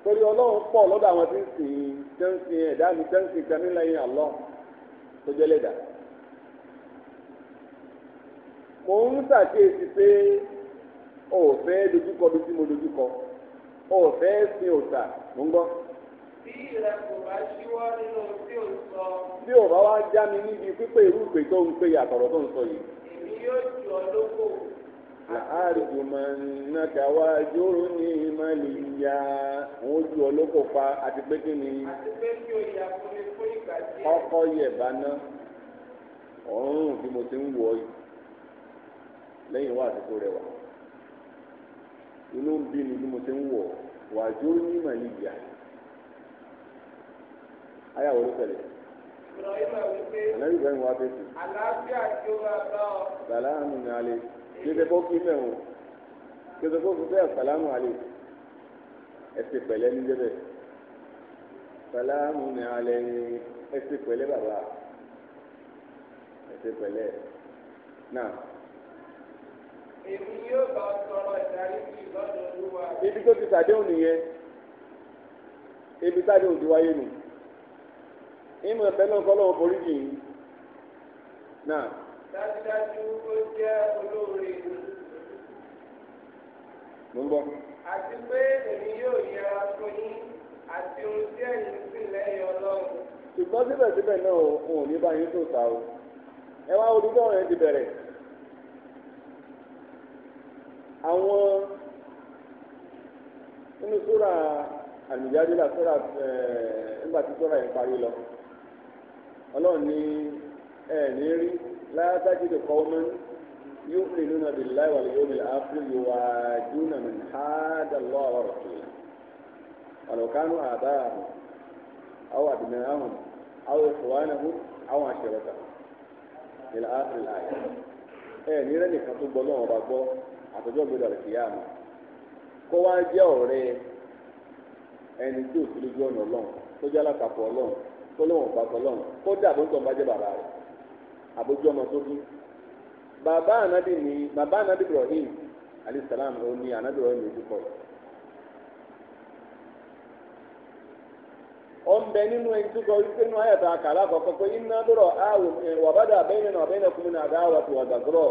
Speaker 2: torí ọlọ́run pọ̀ lọ́dọ̀ àwọn tí ń
Speaker 1: sìn ín tẹ́ǹsì ẹ̀dá mi tẹ́ǹsì kan nílẹ̀ àlọ́ tó jẹ́ lẹ́dàá. mo ń ṣàkíyèsí pé o ò dojúkọ bí tí mo dojúkọ o ò fẹ́ mo ń gbọ́.
Speaker 2: bí ìrẹ kò bá ṣíwọ́ nínú tí ò sọ. bí
Speaker 1: ò bá já mi níbi pípé irú ìpè tó ń pè àtọ̀rọ̀ tó ń sọ yìí.
Speaker 2: èmi yóò jù ọ lóko.
Speaker 1: máa ń nàkà wá jóró ní ìmọ̀lìyà. Àwọn ojú ọlọ́kọ̀ pa àti pé kí ni.
Speaker 2: Àti pé kí o yà fún mi fún ìgbà díẹ̀. Ọkọ
Speaker 1: yẹ̀ bá mo ti ń wọ̀ lẹ́yìn wá àtúntò rẹ wà inú ń bí mi bí mo ti ń wọ̀ wàjú ní màlìyà ayé àwọn olùkọ́lé.
Speaker 2: Ànábì Ibrahim wá bẹ́sì. Àlàáfíà tí ó bá bá ọ. Sàlámù
Speaker 1: ní alẹ́. Kéde kó kí mẹ́wọ̀n. Kéde kó kí bẹ́ẹ̀ sàlámù alẹ́. Ẹsẹ̀ pẹ̀lẹ́ ní débẹ̀. Sàlámù ní alẹ́ ẹsẹ̀ pẹ̀lẹ́ bàbá. Ẹsẹ̀ pẹ̀lẹ́ náà.
Speaker 2: ibi tó ti sàdéhùn
Speaker 1: nìyẹn ibi sàdéhùn ti wáyé nù ìmọ̀ ẹ̀fẹ́ náà kọ́ lọ́wọ́ forí jì yín náà.
Speaker 2: dájúdájú ó jẹ́ olóore mo ń àti pé èmi yóò yara fún yín àti ohun tí ẹ̀yin sì lẹ́yìn ọlọ́run.
Speaker 1: ṣùgbọ́n síbẹ̀síbẹ̀ náà òun ò ní bá yín tó o ẹ wá olùkọ́ rẹ̀ ti àwọn nínú sóra àlùjáde là sóra eh, nígbà tí sóra yẹn parí lọ ọlọ́run ní ẹ ní rí láyátájú lè kọ́ ọmọ yóò fi nínú nàbí láìwà lè mi àfúrú yóò wá dúnà mi hádà lọ́wọ́ àwọn ọ̀rọ̀ tó yẹ àlùkánú àbá àrùn àwọn àdìmẹ́ àrùn àwọn àwọn ìlà ní tó àtọ́jọ́ gbọdọ̀ rẹ̀ kó wá ẹni tí òsì lójú ọ̀nà tó jẹ́ alákàpọ̀ ọlọ́run tó lóun ọ̀pá ọlọ́run kó dà tó ń tọ́ bàjẹ́ àbójú ọmọ tó bí bàbá bàbá Ibrahim ló ní Ibrahim ọ̀nbẹ nínú ẹni tó wípé nínú àkọ́kọ́ pé iná dọ̀rọ̀ náà náà kúmínà àdáwà tó wà gàgọ́rọ̀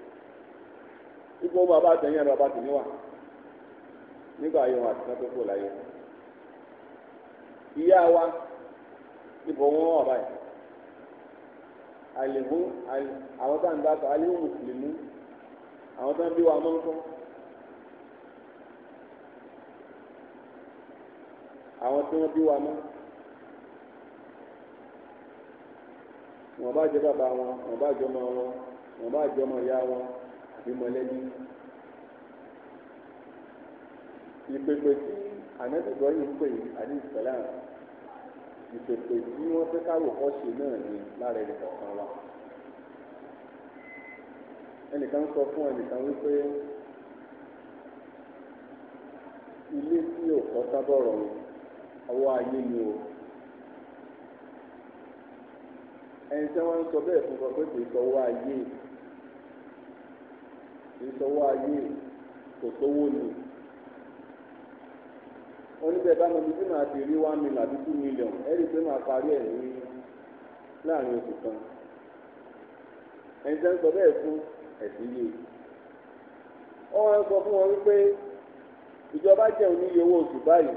Speaker 1: ipò bàbá àtẹ̀yìn ẹ̀rọ bàbá tèmi wà nígbà ayé wọn àti sẹ́tò kò láyé ìyá wa ipò wọn wà báyìí àlèhó àwọn tá à ń dákọ̀ àlèhó mùsùlùmí àwọn tá à ń bí wa mọ́ ń kọ́ àwọn tí wọ́n bí wa mọ́ wọ́n bá jẹ́ bàbá wọn wọ́n bá jẹ́ ọmọ wọn wọ́n bá jẹ́ ọmọ ìyá wọn àbí mọ̀lẹ́bí ìpèpè tí ànábìbọ yìí ń pè àdé ìsàlám ìpèpè tí wọ́n fẹ́ káwò kọ́ṣe náà ni lára ẹni kọ̀ọ̀kan wa ẹnìkan sọ fún ẹnìkan wípé ilé tí ò kọ́ sábọ̀rọ̀ ọwọ́ ayé ni o ẹni tí sọ bẹ́ẹ̀ fún sọ pé kì sọ ọwọ́ ayé ìṣòwò ayé kò sówó ni oníbẹ̀ bá ni bí màá ti rí one million àbí two million ẹ̀rí pé màá parí ẹ̀ kan ẹni tẹ́ ń sọ bẹ́ẹ̀ fún ẹ̀sìn yìí
Speaker 2: sọ fún wọn wípé
Speaker 1: ìjọba jẹun ní iye owó oṣù báyìí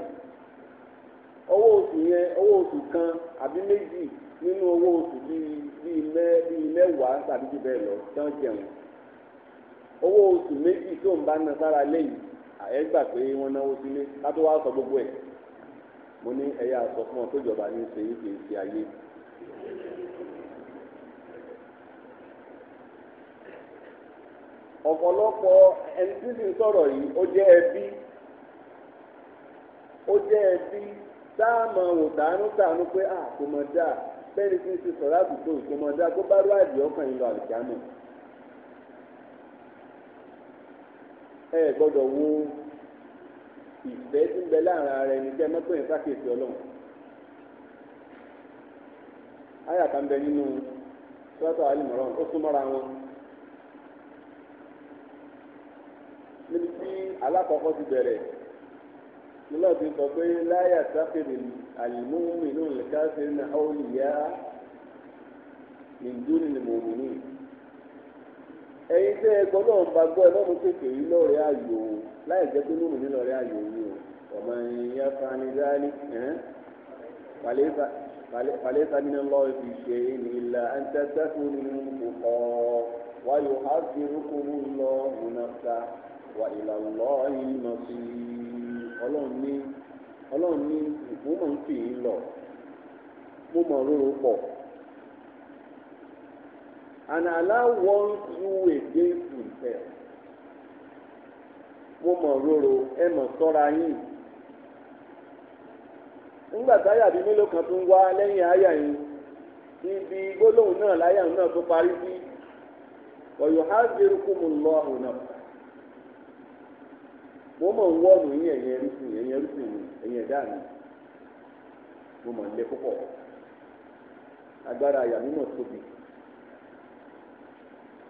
Speaker 1: owó oṣù yẹn owó oṣù kan àbí méjì nínú owó oṣù bíi bíi mẹ́wàá tàbí jù bẹ́ẹ̀ lọ tí owó oṣù méjì tó ń bá ná sára lẹ́yìn ẹ gbà pé wọ́n náwó sílé ká tó wá sọ gbogbo ẹ̀ mo ní ẹ̀yà sọ fún ọ péjọba ní ṣe é kì í ṣe ayé. ọ̀pọ̀lọpọ̀ ẹni tí ń sọ̀rọ̀ yìí ó jẹ́ ẹbí ó jẹ́ ẹbí táàmù ọ̀hún tàánú tàánú pé àkómọdá bẹ́ẹ̀ ni kí n ṣe sọ̀rọ̀ àbùkù ìkómọdá tó bá rú àdìọ́kàn yìí lọ àlùkò ẹ gbọ́dọ̀ wo ìfẹ́ tí ń bẹ láàrin ara ẹni tẹ́ mọ́pẹ́yìn sákèsí ọlọ́run àyà kan bẹ nínú sọ́tọ̀ alimọ̀ràn ó sún mọ́ra wọn níbi tí alákọ̀ọ́kọ́ ti bẹ̀rẹ̀ lọ́lọ́ ti sọ pé láyà sáfìrì àlùmọ́ọ́mì náà lè ká sí ní àwòrán ìyá nìdúró ni mòmìnì. ẹ̀yin tẹ́ nọ gbọ́ náà ń bá gbọ́ ẹ lọ́run kéèké yìí lọ́ọ̀rẹ́ ayò o láì jẹ́ pé lóòrùn ní lọ́ọ̀rẹ́ ayò yìí ọmọ nínú lọ fi ṣe nínú wáyò lọ wà ìlà sí ọlọ́run ní ọlọ́run ní ń fi yín lọ mo and Allah warns you against himself mo mọ̀ róró ẹ mọ̀ sọ́ra yín nígbà táyà bíi mélòó kan tún wá lẹ́yìn àyà yín ibi gbólóhùn náà láyà náà tó parí sí ọ̀yọ̀ ha gbèrú kó mo lọ àrùn náà mo mọ̀ ń wọ́ọ̀nù yín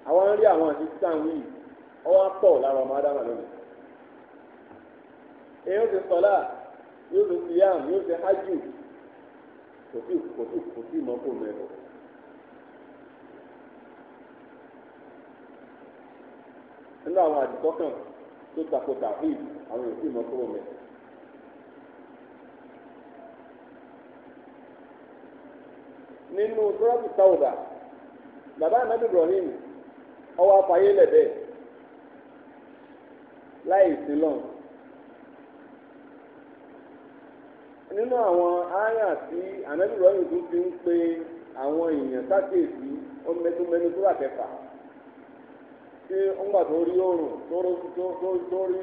Speaker 1: àwọn ń rí àwọn àti títà ń wí ọwọ́ pọ̀ lára ọmọ ádámà lónìí èèyàn ti sọlá yóò ti siyam yóò ti hajj kò sí kò sí kò sí ìmọ̀kò mẹ́rin. nínú àwọn àdìsọ́kàn tó tako tàbíì àwọn èsì ìmọ̀kúrò mẹ́. nínú sọ́rọ́tù táwùdà bàbá ànábì Ibrahim ọwọ́ afáyé lẹ̀bẹ̀ láì sí lọ́n. nínú àwọn áyà tí ànábì rọ́yìn tó fi ń pe àwọn èèyàn sákèsí ó mẹ́túmẹ́nu tó rà kẹfà tí ń gbà tó rí oòrùn tó rí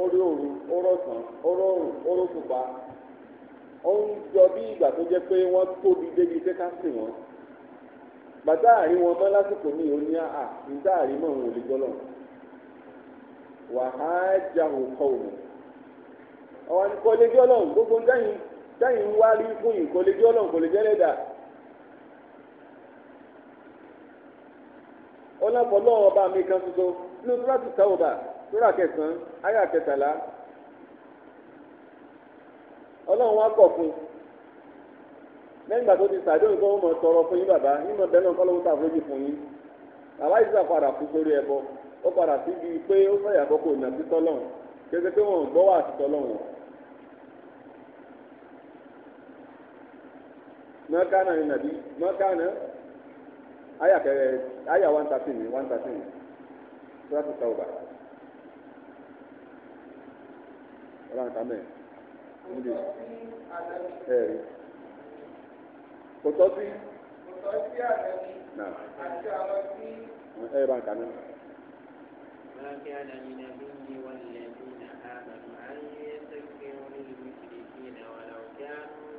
Speaker 1: orí òru orọ̀sán orọ̀rùn orọ̀kùpá ó ń jọ bí ìgbà tó jẹ́ pé wọ́n tóbi débi pé ká sì wọ́n. bàtà àrí wọn mọ́ lásìkò mi ò ní àà ah, níta àrí mọ́ òun ò lè gbọ́lọ̀ wàhájà òkọ òun àwọn ìkọlẹ́jì ọlọ́run gbogbo dáyìn dáyìn ń wá rí fún ìkọlẹ́jì ọlọ́run kò lè jẹ́ lẹ́dà ọba mi kan tuntun nínú tó láti ta ọba lórí àkẹsàn-án wá kọ̀ fún un. lẹ́yìn tó ti sàdéhùn kó mọ̀ tọrọ fún yín bàbá yín mọ̀ bẹ́ẹ̀ náà kọ́ fún yín bàbá yìí sà padà sórí ẹbọ ó padà pé ó kò nà sí tọ́lọ̀ kéde pé gbọ́ wà sí tọ́lọ̀ wọn. kò tọ́ sí.
Speaker 2: kò tọ́ sí àná àti àwọn tí.
Speaker 1: ẹ ẹ bá ń kà náà.
Speaker 2: ما كان من الجن والذين آمنوا أن يستكبروا للمشركين ولو كانوا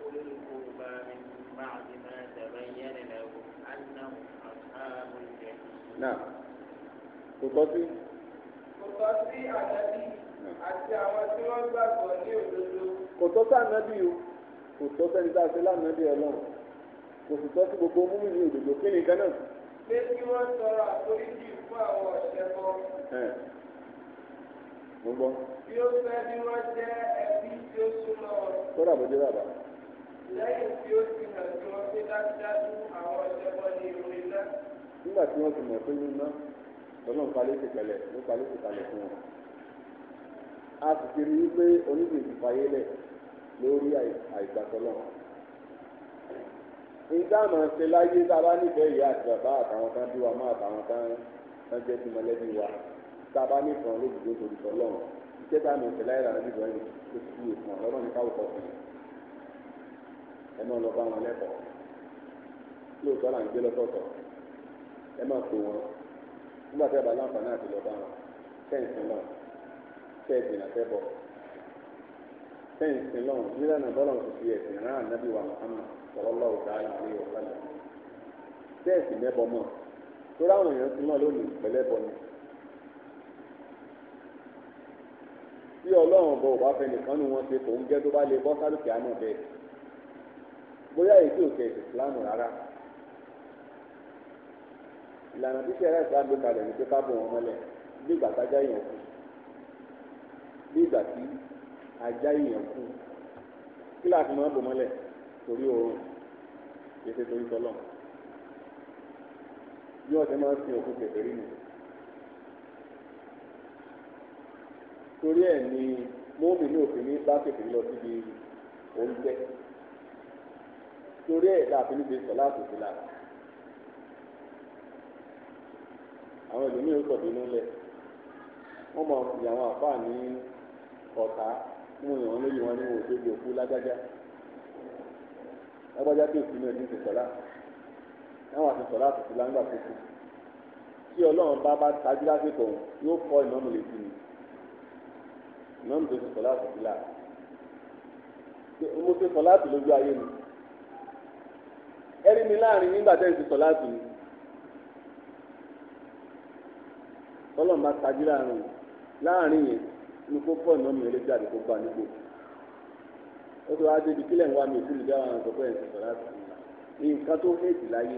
Speaker 2: أولي القربى من بعد ما تبين لهم أنهم أصحاب الجحيم. نعم. kò tọ́ sí. kò tọ́ sí ànábì àti àwọn tí wọ́n gbàgbọ́ ní òdodo.
Speaker 1: kò tọ́ sí ànábì o kò tọ́ sẹ́ni tá a ṣe lánàá bí ọlọ́run kò sì tọ́ sí gbogbo mú mi òdòdó kí nìkan náà.
Speaker 2: pé kí wọ́n sọ̀rọ̀ àforíjì fún àwọn ọ̀sẹ̀ kan. mo gbọ́. bí ó fẹ́ bí wọ́n jẹ́ ẹbí tí ó súnmọ́ wọn. kódà bó jẹ́ bàbá. lẹ́yìn tí ó ti hàn sí wọn pé dájúdájú àwọn ọ̀sẹ̀ kan ní ìròyìn
Speaker 1: nígbà tí wọ́n ti mọ̀ pé nínú lọ́nà palẹ́ ti pẹ̀lẹ́ lórí àìgbàsọ́lọ̀. ìdáàmú ṣe láyé tá a bá nífẹ̀ẹ́ ìyá àti bàbá àtàwọn kan bí wa máa àtàwọn kan kan jẹ́ ti mọ̀lẹ́bí wa tá a bá nífẹ̀ẹ́ olóògbé torí sọ́lọ̀ iṣẹ́ tá a mọ̀ ṣe láyé rà nígbà yẹn tó ti kú ìfún ọ̀rọ̀ ní káwọ́ kọ̀ fún ẹ máa lọ bá wọn lẹ́kọ̀ọ́ lóòótọ́ là ń gbé lọ́tọ̀ọ̀tọ̀ ẹ máa pè wọn nígbà tí a bá láǹfààní àti lọ bá wọn kẹ́ǹsì náà kẹ́ẹ̀sì náà fẹ́ bọ̀ sẹ́yìn sin lọ́wọ́ nílànà bọ́lọ̀ ti fi ẹ̀sìn rán ànábì wa Muhammad sallallahu ta'ala alaihi wa sallam bẹ́ẹ̀sì mẹ́bọ mọ́ torí àwọn èèyàn ti mọ́ lónìí pẹ̀lẹ́bọ ni tí ọlọ́run bọ̀ wá fẹ́ nìkan nu wọn ṣe kò ń jẹ́ tó bá lè bọ́ sálùkì àmọ́ bẹ́ẹ̀ bóyá èyí ò tẹ ìsìlámù rárá ìlànà tí sẹ́rẹ́ ìsìlámù gbé kalẹ̀ ní pé ká bọ̀ wọn mọ́lẹ̀ bí ìgbà tájá èèyàn kù bí ìgbà tí ajá èèyàn kú kíláàsì máa ń bò mọ́lẹ̀ torí oorun kété torí tọ́lọ̀ bí wọ́n ti máa ń sin òkú kẹfẹ́ rí nù. torí ẹ̀ ni mọ́mí ní òfin ní bá kẹfẹ́ lọ síbi oúnjẹ torí ẹ̀ láàfin níbi sọ láàfin sí àwọn ìlú mi ò sọ̀dọ̀ inú lẹ̀ wọ́n mọ̀ sí àwọn àfáà ní ọ̀tá nínú ìwọ̀n lóyún wọn ní wọn ò débi òkú lágbájá lágbájá tó kú náà ní ìsọ̀lá láwọn àtúntọ̀lá àtúntò láńgbà tó kù tí ọlọ́run bá bá tajú lásìkò yóò kọ́ ìnáwó létí ni ìnáwó tó ti sọ̀lá àtúntò láà mo ti sọ̀lá àtúntò lójú ayé mi ẹ̀rí mi láàrin nígbà tẹ́ ẹ ti sọ̀lá àtúntò mi ọlọ́run bá tajú láàrin láàrin yẹn. nukwu kó fọ́ ìnáwó yẹn létí àdìkó nígbò ó tó wá débi kílẹ̀ ń wá mi ìfúnni bí àwọn àgbẹ̀kọ́ yẹn ti sọ láti ní nǹkan tó héjì láyé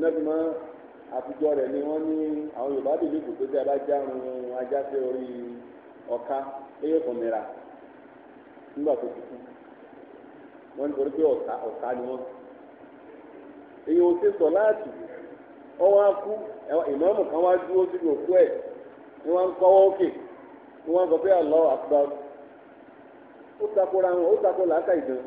Speaker 1: nọ́gbọ́n àtijọ́ rẹ̀ ni wọ́n ní àwọn Yorùbá ajá sí orí ọ̀ka eyín mìíràn nígbà tó ti kú wọ́n pé ni wọ́n èyí ò ti sọ láti ọwọ́ ni wọ́n ń kọ́wọ́ òkè ni wọ́n ń sọ pé àlọ́ àkùbá ó takora wọn ó takora láàkà ìdán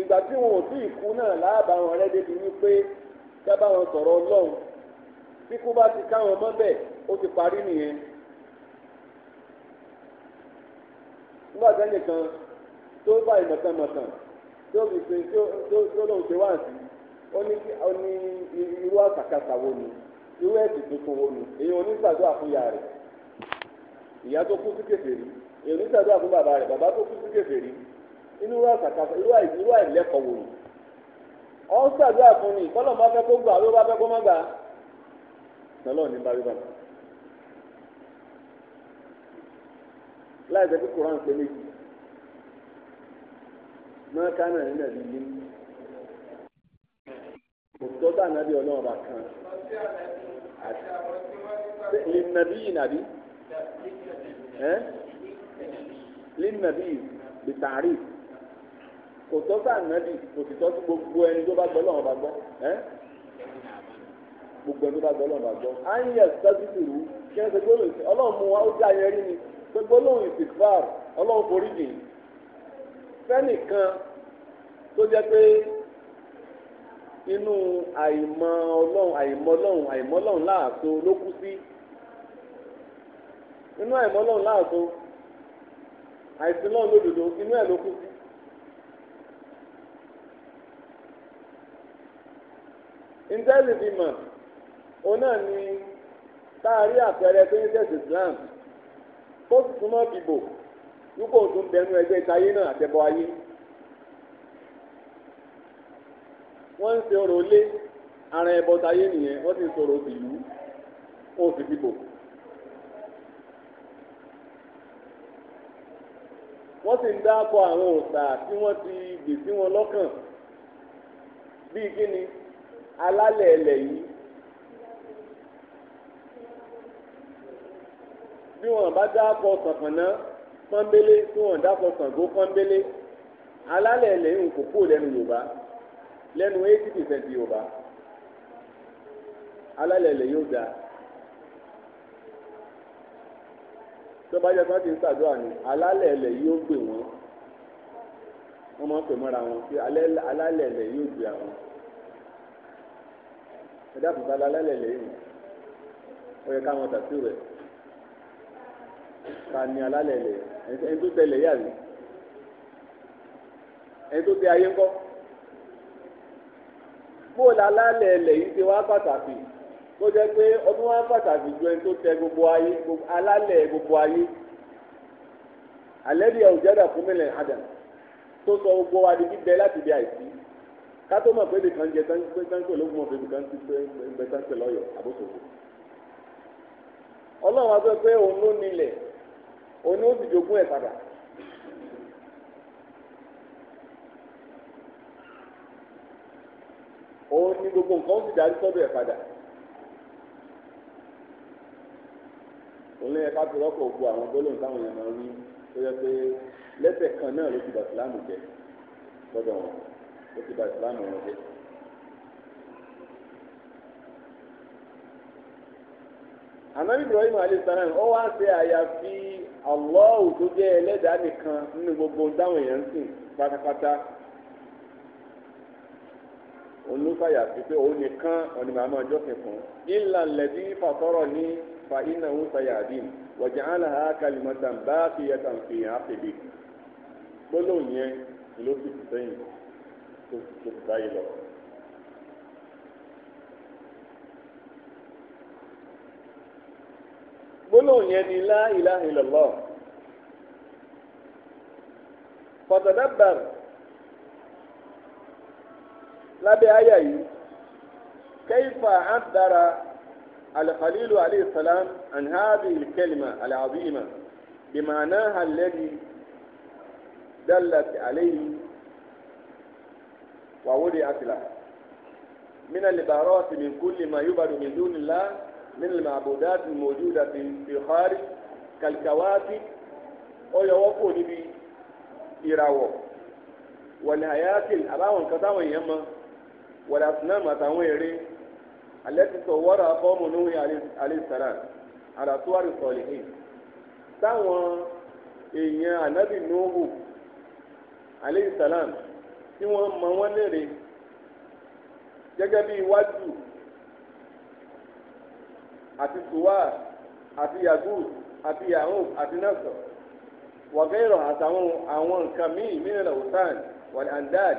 Speaker 1: ìgbà tí wọn ò tí ì kú náà láàbà wọn rẹ débi wípé dábàá wọn sọ̀rọ̀ ọlọ́run bí kú bá ti káwọn mọ́bẹ̀ ó ti parí nìyẹn. nígbà tí ẹnìkan tó bá ìmọ̀tàmọ̀tàn tó fi ṣe tó lóun ṣe wáǹsì ó ní irú àkàkà wo ni. irú ẹ̀sìn gbogbo wo nù èyàn oníṣàdúrà fún ìyá rẹ̀ ìyá tó kú sí kèfèrí èyàn oníṣàdúrà fún bàbá rẹ̀ bàbá tó kú sí kèfèrí inú irú àṣàkáṣà irú àìlẹ́kọ̀ọ́ wò nù ni kọ́lọ̀ bá fẹ́ kó gbà ló bá fẹ́ kó má gbà ní bá rí láì mùsùlùmí ànábì ọlọ́run bá kan
Speaker 2: lìnàbí yìí nàbí
Speaker 1: lìnàbí yìí bìtàrí kò tọ́ sí ànábì kò sì tọ́ gbogbo ẹni tó bá gbọ́ ọlọ́run bá gbọ́ gbogbo ẹni tó bá gbọ́ ọlọ́run bá gbọ́ á ń yẹ sọ́jú tìrú kí ẹ ṣe gbólóhùn sí ọlọ́run mú wa ó jẹ́ ni ọlọ́run forí jìn fẹ́nìkan tó jẹ́ pé. inú àìmọ̀ ọlọ́run àìmọ̀ ọlọ́run àìmọ̀ ọlọ́run láàtó ló kú sí inú àìmọ̀ ọlọ́run láàtó àìsí náà lódodo inú ẹ̀ ló kú sí. ìtẹ́lì fi mọ̀ òun náà ni táàrí àpẹẹrẹ tó Islam kó bìbò bẹnu ẹgbẹ́ ìtayé náà àtẹ̀bọ̀ ayé. wọ́n ń se ọ̀rọ̀ lé ara ẹbọ táyé nìyẹn wọ́n sì sọ̀rọ̀ tìlú wọ́n sì dìbò. wọ́n sì ń dáàbò àwọn òòṣà tí wọ́n ti gbè sí wọn lọ́kàn bíi kíni alálẹ̀ ẹlẹ̀ yìí bí wọ́n bá dáàbò sànfànà pọ́nbélé tí wọ́n dáàbò Ṣàngó pọ́nbélé alálẹ̀ ẹlẹ̀ yìí kò kúrò lẹ́nu Yorùbá. lẹ́nu eighty percent yorùbá alálẹ̀ lè yóò da tó bá jẹ́ pé wọ́n ti ń ṣàdúrà ni alálẹ̀ lè yóò gbè wọ́n wọ́n máa ń pè mọ́ra wọn pé alálẹ̀ lè yóò gbé àwọn ẹ̀dá kùtà alálẹ̀ lè yìí ó káwọn tàṣí rẹ̀ ta ni alálẹ̀ lè ẹni tó tẹ̀lé yàrá ẹni tó tẹ ayé ńkọ́. bóòlù alálẹ̀ ẹlẹ̀ yìí ti wá pàtàkì tó jẹ́ pé ọdún wá pàtàkì ju ẹni tó tẹ gbogbo ayé alálẹ̀ gbogbo ayé alẹ́ bí ọ̀jẹ̀dà fún mílẹ̀ adam tó sọ gbogbo wa di bíbẹ láti bí àìsí kátó mọ̀ pé nìkan jẹ táńkì ológun ọ̀fẹ́ nìkan ti pé lọ́yọ̀ ọlọ́run wá sọ pé òun ló nílẹ̀ òun ló sì jogún ẹ̀ padà. ní gbogbo nǹkan ó sì darí sọ́dọ̀ ẹ̀ padà. òun lè yẹ ká fi rọ́pò gbogbo àwọn gbólóhùn táwọn èèyàn máa ń tó yẹ pé lẹ́sẹ̀ kan náà ló ti bà ìsìláàmù jẹ́ lọ́dọ̀ wọn ló gbogbo táwọn èèyàn ń sìn onífàyà sí pé òun nìkan ọ̀nì màmá ọjọ́sìn fún ìlànlẹ̀dí fàtọ́rọ̀ ní fa iná òun sàyà àdìm wọ̀jà àlà ha kalimọ̀tàn bá fi yẹtàn fi hàn ápèlè gbólóhùn yẹn ló fi sẹ́yìn tó ti báyìí lọ. gbólóhùn yẹn ni la ilaha illallah lábẹ́ àyà yìí kẹ́yìfà àdàrà alkhalilu alayhi salam an hadhihi alkalima alazima bima'naha alladhi dallat alayhi wa wudi'at lahu من العبارات من كل ما يعبد من دون الله من المعبودات الموجودة في الخارج كالكواكب ويوقف níbi ìràwọ̀ والهياكل àbáwọn nǹkan táwọn èèyàn mọ̀ wọ̀dà sinam àtàwọn eré alẹ́ ti sọ wọ́dà fọ́ọ̀mù Nuhi alayhisalam àdàtúwárì sọ̀lìhìn táwọn èèyàn ànábì Nuhu alayhisalam tí wọ́n mọ wọ́n léèrè gẹ́gẹ́ bí iwájú àti suwa àti yagut àti yahoo àti nasọ wàgẹ́rọ̀ àtàwọn àwọn nǹkan míì mìíràn ọ̀sán wàlẹ̀ andad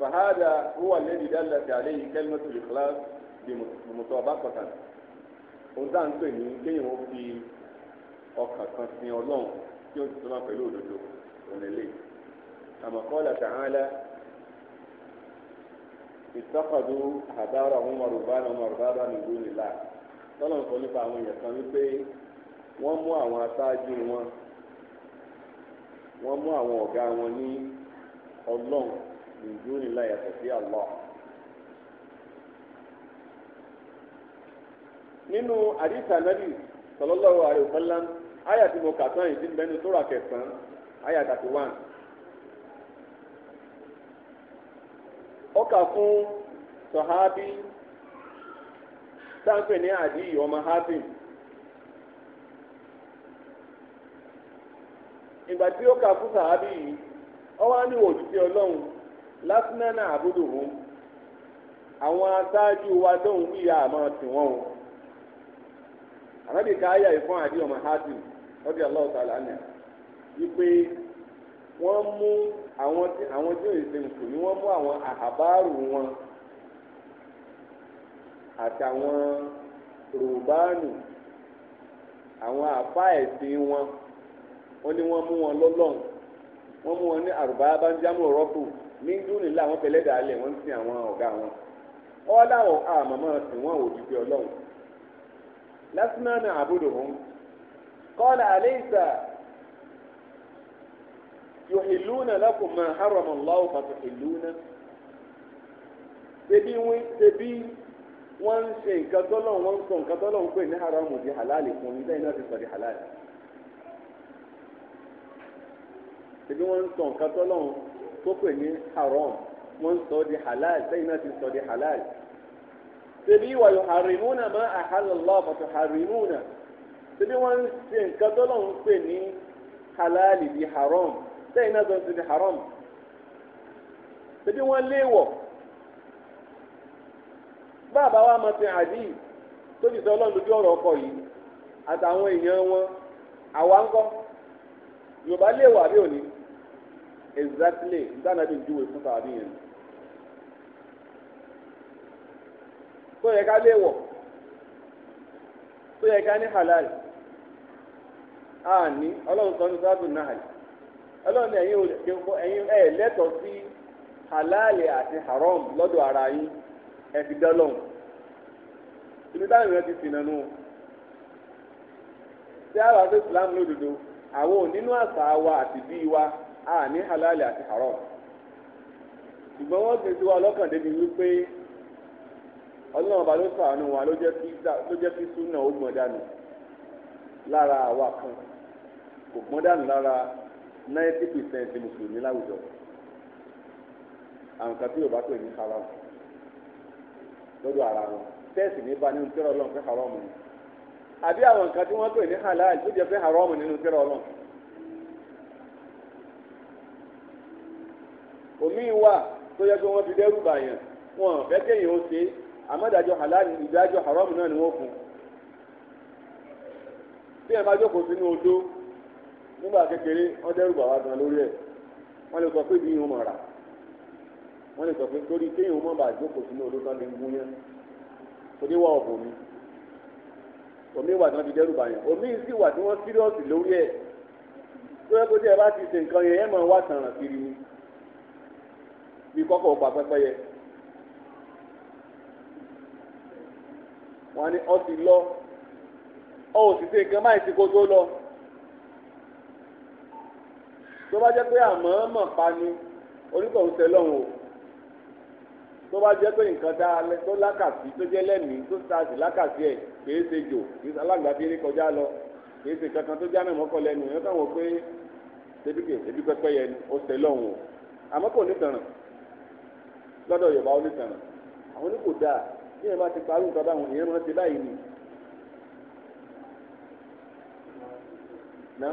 Speaker 1: فهذا هو الذي دلت عليه كلمة الإخلاص بمطابقة ọ̀dà ń pè ní kéèyàn ó fi ọkàn kan sin ọlọ́run tí ó ti sọ́nà pẹ̀lú òdodo òrìlẹ̀ àmọ́ qala ta'ala ìtọ́kọ̀dù àdára ọ̀hún mọ̀rùbá náà mọ̀rùbá bá mi wú nílá tọ́lọ̀ ń sọ nípa àwọn èèyàn kan wípé wọ́n mú àwọn aṣáájú wọn wọ́n mú àwọn ọ̀gá wọn ní ọlọ́run ìdú nílá yàtọ̀ sí Allah. nínú àdìsá nàbì sallallahu alaihi wasallam àyà mo kà yìí ti bẹnu kẹsàn-án thirty one. kà fún Sahabi sáńpẹ̀ ní àdìyí ọmọ ìgbà tí ó kà fún Sahabi yìí ọ wá ní òjijì ọlọ́run lásìmẹ́nà àbúdò wọn àwọn aṣáájú wa dóhùn wíyà àmọ́ tì wọ́n o àrẹ́bìkà adi ìfọ́n àdìyẹ ọmọ hádì ọdí aláwọ̀ tààlà wípé wọ́n mú àwọn tí àwọn tí òye ṣe nkù ni wọ́n mú àwọn àhàbáàrù wọn àtàwọn rùbáànù àwọn àfa ẹ̀sìn wọn wọ́n ní wọ́n mú wọn lọ́lọ́hùn wọ́n mú wọn ní àrùbá bá ń mindúni la wọn fẹlẹ dàálẹ wọn sin àwọn ọgá wọn ọláwọ àmọmọ sìn wọn ò dùgbẹ Ọlọ́run lásìmánà àbúrò wọn kọlà àlẹyìísà yòhìlúnà lọkùnmọ haramallahu fàtòhìlúnà ṣebí wọn ṣebí wọn ṣe nǹkan tọ́lọ̀ wọn sọ nǹkan tọ́lọ̀ ń pè ní haramu di halali fún mi náà ti sọ di halali wọn sọ nǹkan tó pè ní haram wọ́n ń sọ di halal sẹ́yìn náà ti sọ di halal. ṣebí wa yuharrimuna ma ahalla Allah fa tuharrimuna ṣebí wọ́n ń ṣe nǹkan tó lọ́n ń pè ní halal di haram sẹ́yìn náà ti di haram. ṣebí wọ́n léèwọ̀ bàbá wa máa ti àdí tó sọ ọlọ́run lójú ọ̀rọ̀ ọkọ yìí àtàwọn èèyàn wọn àwa ń kọ́ yorùbá léèwọ̀ àbí òní. exactly nítorí àbí ìjúwe fún tàbí yẹn tó yẹ ká yẹ ká ní halal àní ọlọ́run sọ ní sábà náà ọlọ́run ẹ̀yin ẹ̀yin sí halal àti haram lọ́dọ̀ ara yín ẹ̀ fi dán lọ́hùn ibi táwọn èèyàn ti sìnà nù tí a wà fún Islam lódodo àwọn wa àti bíi wa. a ní halal àti haram ṣùgbọ́n wọ́n gbèsè wa lọ́kàn débi wípé ọlọ́run ọba ló sàánú wa ló jẹ́ kí súnà ó gbọ́n dànù lára àwa kan kò gbọ́n dànù lára ninety percent mùsùlùmí láwùjọ àwọn kan tí yorùbá pè ní haram lọ́dọ̀ ara wọn tẹ́sì ní bá nínú tẹ́rọ ọlọ́run haram ni àbí àwọn kan tí wọ́n pè ní jẹ́ haram nínú omi wa, tó yẹ kí wọ́n fi dẹ́rù bàyàn wọn fẹ́ kéèyàn ó ṣe àmọ́dájọ́ halal ìdájọ́ haram náà ni wọ́n fún bí ẹ bá jókòó sínú odó nígbà kékeré wọ́n dẹ́rù bà wá gan lórí ẹ̀ wọ́n lè sọ pé bí ìhun mọ̀ra wọ́n lè sọ pé torí kéèyàn mọ̀ bá jókòó sínú odó tán lè ń gún yẹn torí wà ọ̀bùn mi omi wa tí wọ́n fi bàyàn omi sì wà tí wọ́n sírọ́ọ̀sì lórí ẹ̀ tó yẹ kó tí ẹ bá ti ṣe nǹkan yẹn ẹ máa wá tàràn kiri ni bí kọ́kọ́ pa pẹ́pẹ́yẹ. wọ́n á ní ọtí lọ ọ ò sì ṣe nǹkan máa ti kó tó lọ. tó bá jẹ́ pé àmọ́ mọ̀ pa ni onítọ̀hún tẹ lọ́hùn o tó bá jẹ́ pé nǹkan dá tó lákàtí tó jẹ́ lẹ́mìí tó sáàsì lákàtí ẹ̀ kìí ṣe jò kìí ṣe alágbàdìrí kọjá lọ kìí ṣe kankan tó já mẹ́mọ́ kọ lẹ́nu ìyẹn káwọn pé ṣebí pẹ́pẹ́yẹ ni ó tẹ lọ́hùn o àmọ́ kò ní tẹ̀ràn. lọ́dọ̀ yorùbá onítàn àwọn oníkò dáa bí ẹ bá ti parí nǹkan báwọn èèyàn máa ti báyìí ni. ná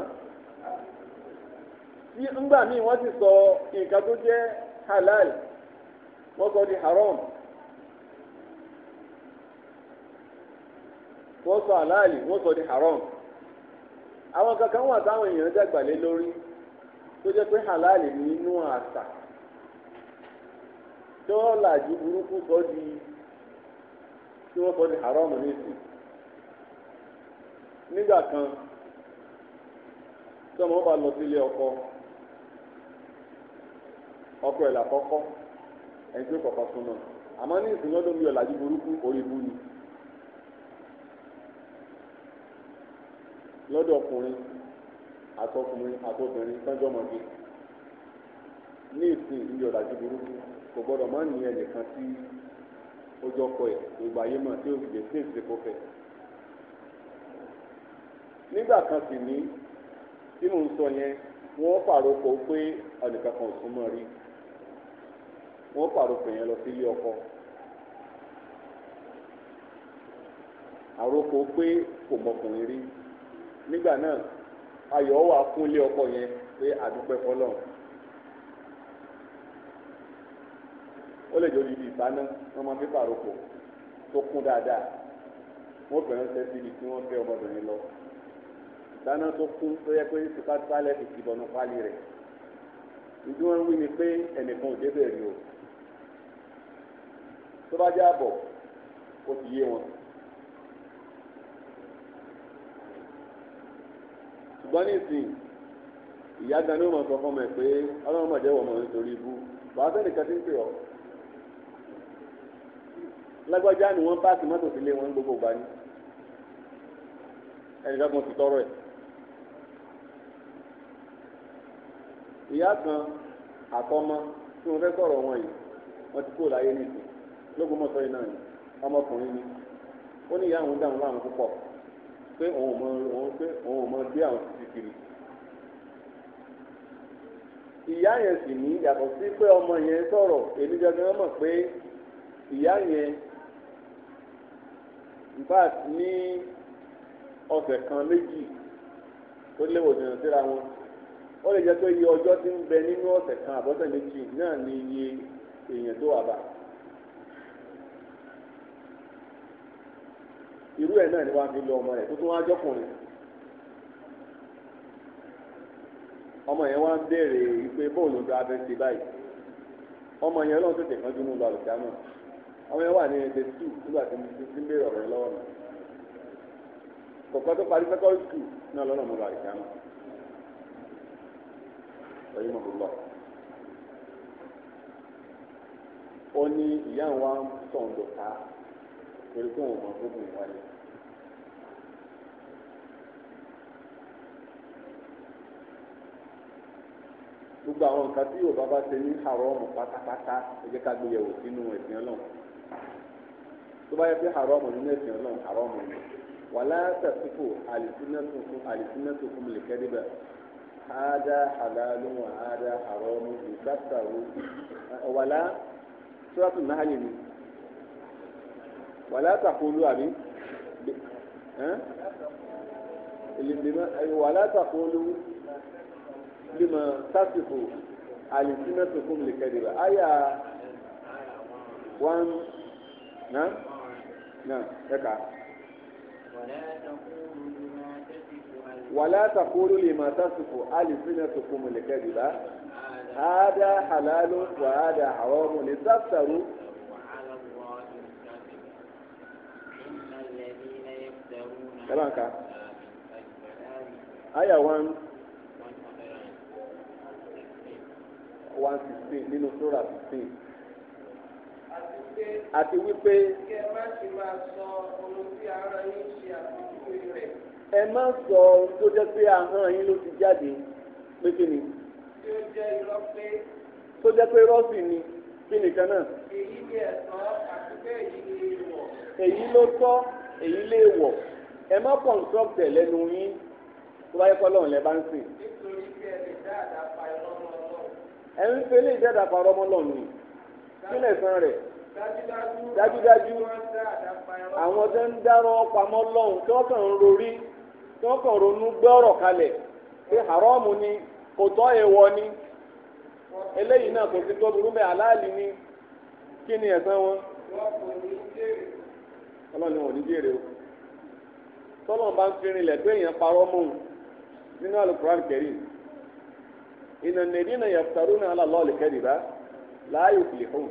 Speaker 1: tí ńgbà míì wọ́n ti sọ nǹkan tó jẹ́ halal wọ́n sọ di haram wọ́n sọ halal wọ́n sọ di haram àwọn kankan wà táwọn èèyàn dàgbà lé lórí tó jẹ́ pé halal ní inú àṣà. tí wọ́n là ju burúkú sọ di tí wọ́n sọ di haram nísì nígbà kan tí ọmọ bá lọ sílé ọkọ ọkọ ẹ̀ làkọ́kọ́ ẹni tó kọ̀kọ́ súnmọ́ àmọ́ ní ìsìn lọ́dún mi ò làjú burúkú orí ibú ni lọ́dọ̀ ọkùnrin àtọkùnrin àtọbìnrin sọ́jọ́ ní ìsìn ìyọ̀làjú burúkú. kò gbọ́dọ̀ má nìyẹn nìkan tí ó ọkọ ẹ̀ gbogbo ayé mọ̀ tí ó fi lè sí fẹ́. nígbà kan sì ní tí mò ń sọ yẹn wọ́n pàrọ̀pọ̀ pé ẹnìkan kan ò mọ́ rí wọ́n pàrọ̀pọ̀ yẹn lọ sí ilé ọkọ. àròkọ pé kò mọkùnrin rí nígbà náà ayọ̀ wà fún ilé ọkọ yẹn pé àdúpẹ́ fọlọ́run ó lè jẹ́ odidi ìsáná wọ́n máa fi pàrọ̀pọ̀ tó kún dáadáa wọ́n bẹ̀rẹ̀ ń sẹ́sí ibi tí wọ́n fẹ́ ọmọbìnrin lọ ìsáná tó kún tó yẹ pé tipátipá lẹ́ fi kìbọnú pálí rẹ̀ ìdí wọn wí ni pé ẹnìkan ò débẹ̀ rí o tó bá jẹ́ àbọ̀ ó ti yé wọn. ṣùgbọ́n ní ìsìn ìyá ganan ó mọ̀ sọ fún ọmọ ẹ̀ pé ọlọ́run mọ̀ jẹ́wọ́ ọmọ nítorí ibú wàá fẹ́ nìkan ń pè ọ́ lágbájá ni wọ́n páàkì mọ́tò sílé wọn gbogbo ìgbà ni ẹnì kan kan ti tọrọ ẹ̀. ìyá kan àtọmọ tí wọ́n fẹ́ sọ̀rọ̀ wọn yìí wọ́n ti kúrò láyé nìsín lógún mọ́tò yìí náà ni ọmọkùnrin ni ó ní ìyá àwọn dáhùn láàmú púpọ̀ pé òun mọ òun pé òun mọ bí àwọn ti kiri ìyá yẹn sì ní yàtọ̀ sí pé ọmọ yẹn sọ̀rọ̀ èmi jẹ́ kí wọ́n mọ̀ pé ìyá yẹn fact ní ọ̀sẹ̀ kan méjì tó léwò jìnnà síra wọn ó lè jẹ́ pé iye ọjọ́ ti ń bẹ nínú ọ̀sẹ̀ kan àbọ̀sẹ̀ méjì náà ni iye èèyàn tó wà bá. irú ẹ̀ náà ni wọ́n á fi lọ ọmọ rẹ̀ tó tún ọmọ yẹn wá ń àwọn yẹn wà ní ẹgbẹ́ two nígbà tí mo ti ń béèrè ọ̀rọ̀ yẹn lọ́wọ́ mi kọ̀ọ̀kan tó parí secondary two ní ọlọ́nà mo lọ àìsàn náà ọ̀yẹ́ mọ̀ lọ. ó ní ìyá wa ń sọ̀n dọ̀ta torí pé òun mọ̀ tó bùn gbogbo àwọn nǹkan tí Yorùbá bá ṣe ní àrọ́ ọmọ pátápátá ẹ jẹ́ ká gbé sínú ẹ̀sìn Ọlọ́run tó bá yẹ pé haramu nínú ẹ̀sìn ọlọ́run haramu ni wàlá tàsífò àlìsínàtòkùn àlìsínàtòkùn lè kẹ́díbà hada halalu wa hada haramu ìsàtàwó wàlá sọ́dọ̀tún náà yẹ ni wàlá tàkólú àbí wàlá tàkólú lima tàsífò àlìsínàtòkùn lè kẹ́díbà àyà one. نعم نعم ذكر
Speaker 2: ولا تقولوا
Speaker 1: لما تصف ألسنتكم الكذب هذا حلال وهذا حرام لتفتروا كلامك آية 1 116 nínú sura 16 àti wípé.
Speaker 2: ẹ má sì máa sọ ohun tí ara yín ṣe àpèjúwe rẹ̀.
Speaker 1: ẹ má sọ ohun tó jẹ́ pé ahọ́n yín ló ti jáde pé kí ni.
Speaker 2: tí ó jẹ́ irọ́ pé.
Speaker 1: tó jẹ́ pé rọ́ọ̀sì ni kí nìkan náà.
Speaker 2: èyí ni ẹ̀tọ́ àti bẹ́ẹ̀ èyí ni èèwọ̀. èyí ló
Speaker 1: tọ́ èyí lè wọ̀ ẹ má construct ẹ̀ lẹ́nu yín tó bá yẹ kọ́ lọ́run lẹ́ bá ń sìn.
Speaker 2: nítorí bí ẹ lè dá àdá pa irọ́ mọ́ lọ́run. ẹ ń fẹ́ lè
Speaker 1: dá àdá pa irọ́ lọ́run ni.
Speaker 2: sílẹ̀ san rẹ̀ dájúdájú
Speaker 1: àwọn tó ń dárọ́ pamọ́ lọ́hùn tó kàn ń rorí tó kàn ronú gbọ́rọ̀ kalẹ̀ pé haramu ni kò tọ́ èèwọ̀ ni eléyìí náà kò sí tó burú bẹ́ẹ̀ aláàlì ni kí ni wọn. ò ní jèrè o tọ́lọ́n bá ń pé la yuflihun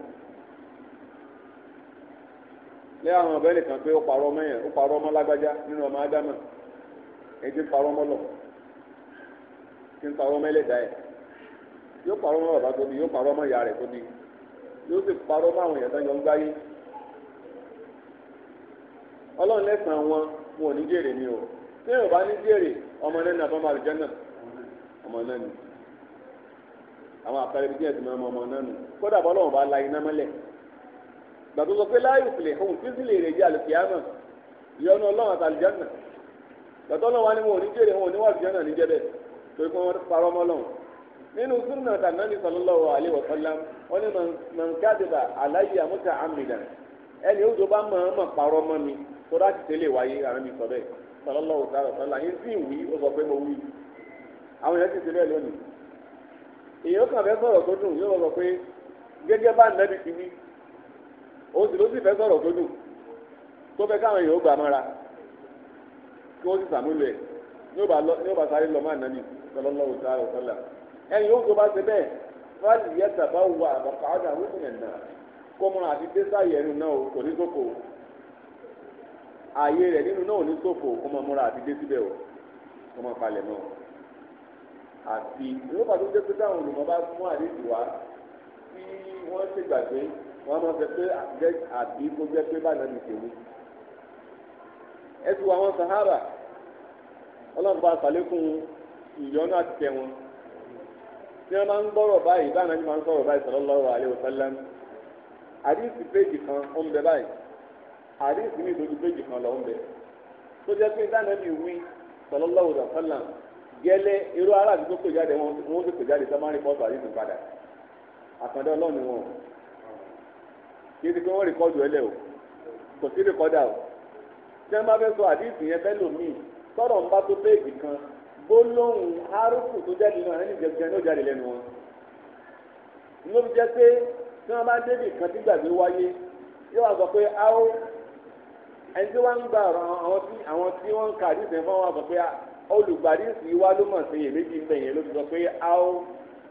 Speaker 1: lé àwọn ọ̀bẹ kan pé ó parọ́ ọmọ yẹn ó parọ́ ọmọ lágbájá nínú ọmọ ádámà èyí ti ń parọ́ ọmọ lọ ti ń parọ́ ọmọ ẹlẹ́dàá ẹ̀ yóò ọmọ bàbá tóbi yóò parọ́ ọmọ ìyá rẹ̀ tóbi yóò sì ọmọ àwọn èèyàn tó ń yọ ń gbáyé ọlọ́run lẹ́sàn-án wọn wọn ni o ọmọ náà nàbọ́ máa jẹ́ náà ọmọ náà ni àwọn àpẹẹrẹ ọmọ náà nù. kódà bọ́ lọ́wọ́ bá la iná mọ́lẹ̀ gbàtó sọ pé láàyò fìlẹ̀ ohun tí sílè rè jẹ́ àlùkìyàmọ̀ ìyọnu ọlọ́run àtàlùjọ́nà gbàtó ọlọ́run ni wọn ò ní jèrè wọn ò ní wà ní jẹ́bẹ̀ parọ́ mọ́ lọ́wọ́ nínú wọn ni mọ̀nkádìbà aláyé àmúta àmìlà ẹni parọ́ mọ́ mi tó gẹ́gẹ́ bá nàbì ti wí òun sì ló sì fẹ́ sọ̀rọ̀ tó dùn tó fẹ́ káwọn èèyàn ó gbà mọ́ra kí wọ́n sì sàmúlò ẹ̀ ní ó bá sáré lọ máa nàbì sallallahu ta'ala wa sallam ẹ̀yìn ó tó bá ṣe bẹ́ẹ̀ fáàlì yẹ tàbá wà àbàkà ọ̀dà wípé yẹn nà kó mọ́ra àti désà yẹnu náà kò ní sóko ààyè rẹ̀ nínú náà ò ní sóko kó mọ́ mọ́ra àti dé síbẹ̀ o kó mọ́ palẹ̀ náà àti ìlú pàtó jẹ́ pé táwọn olùmọ̀ bá mú àdéhùn wá tí wọ́n ṣe gbàgbé wọ́n máa fẹ́ pé àbí kó jẹ́ pé báyìí ní tèmi. ẹ ti wọ àwọn sahara ọlọ́run bá sàlékún ìyọ́nú àti tẹ̀ wọn tí wọ́n máa ń gbọ́rọ̀ báyìí báyìí náà ni máa ń sọ̀rọ̀ báyìí sallallahu alaihi wasallam àdìsí péjì kan ó ń bẹ báyìí àdìsí ní ìdójú péjì kan lọ ń bẹ tó jẹ́ pé ìdánilẹ́bí wí sallallahu alaihi wasallam gẹ́lẹ́ irú aráàlú tó pè jáde wọn ó sì pè jáde sọ́mọ́rin pọ́ọ̀tù àdìsí padà àkàndá ọlọ́ọ̀ni wọn kì í ti pé wọ́n rìkọ́dù ẹlẹ́ o kò sí rìkọ́dà o tí wọ́n bá fẹ́ sọ àdìsí yẹn fẹ́ lòmíì sọ̀rọ̀ ń bá tó péèjì kan gbólóhùn arúgbó tó jáde náà ẹni gẹ́gẹ́ ní ó jáde lẹ́nu wọn ló fi jẹ́ pé tí wọ́n bá débì kan tí gbàgbé wáyé yóò wá sọ pé áwó ẹni tí wọ́n ń gba àwọn tí àwọn tí wọ́n ń ka àdìsí fún wọn sọ pé olùgbàdìsí wa ló mọ̀ sí èméjì ń bẹ̀yẹn ló fi sọ pé áwó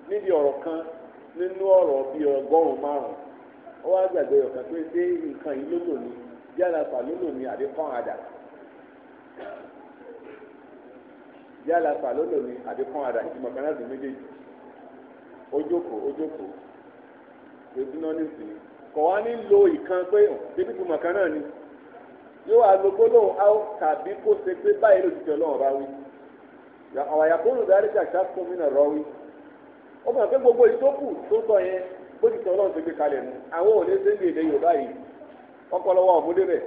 Speaker 1: níbi ọ̀rọ̀ kan nínú ọ̀rọ̀ bíi ọgọ́rùn-ún márùn-ún ó wá gbàgbé ọ̀kan pé dé nǹkan yìí ló lò ní jálàfà ló ní àbí kàn àdà jálàfà ní àbí kàn àdà ìtumọ̀ kan láti méjèèjì ojókòó ojókòó kọ̀ wá pé ìtumọ̀ kan ni yóò wá lo gbólóhùn áwò tàbí kó ṣe pé báyìí lòdì tí ọlọ́run bá wí àwọn àyàkóró ó mọ̀ pé gbogbo ìtókù tó sọ yẹn bó ti sọ ọlọ́run ti gbé kalẹ̀ nù àwọn òní ṣe ń lè lè yorùbá yìí ọpọlọwọ ọmọdé rẹ̀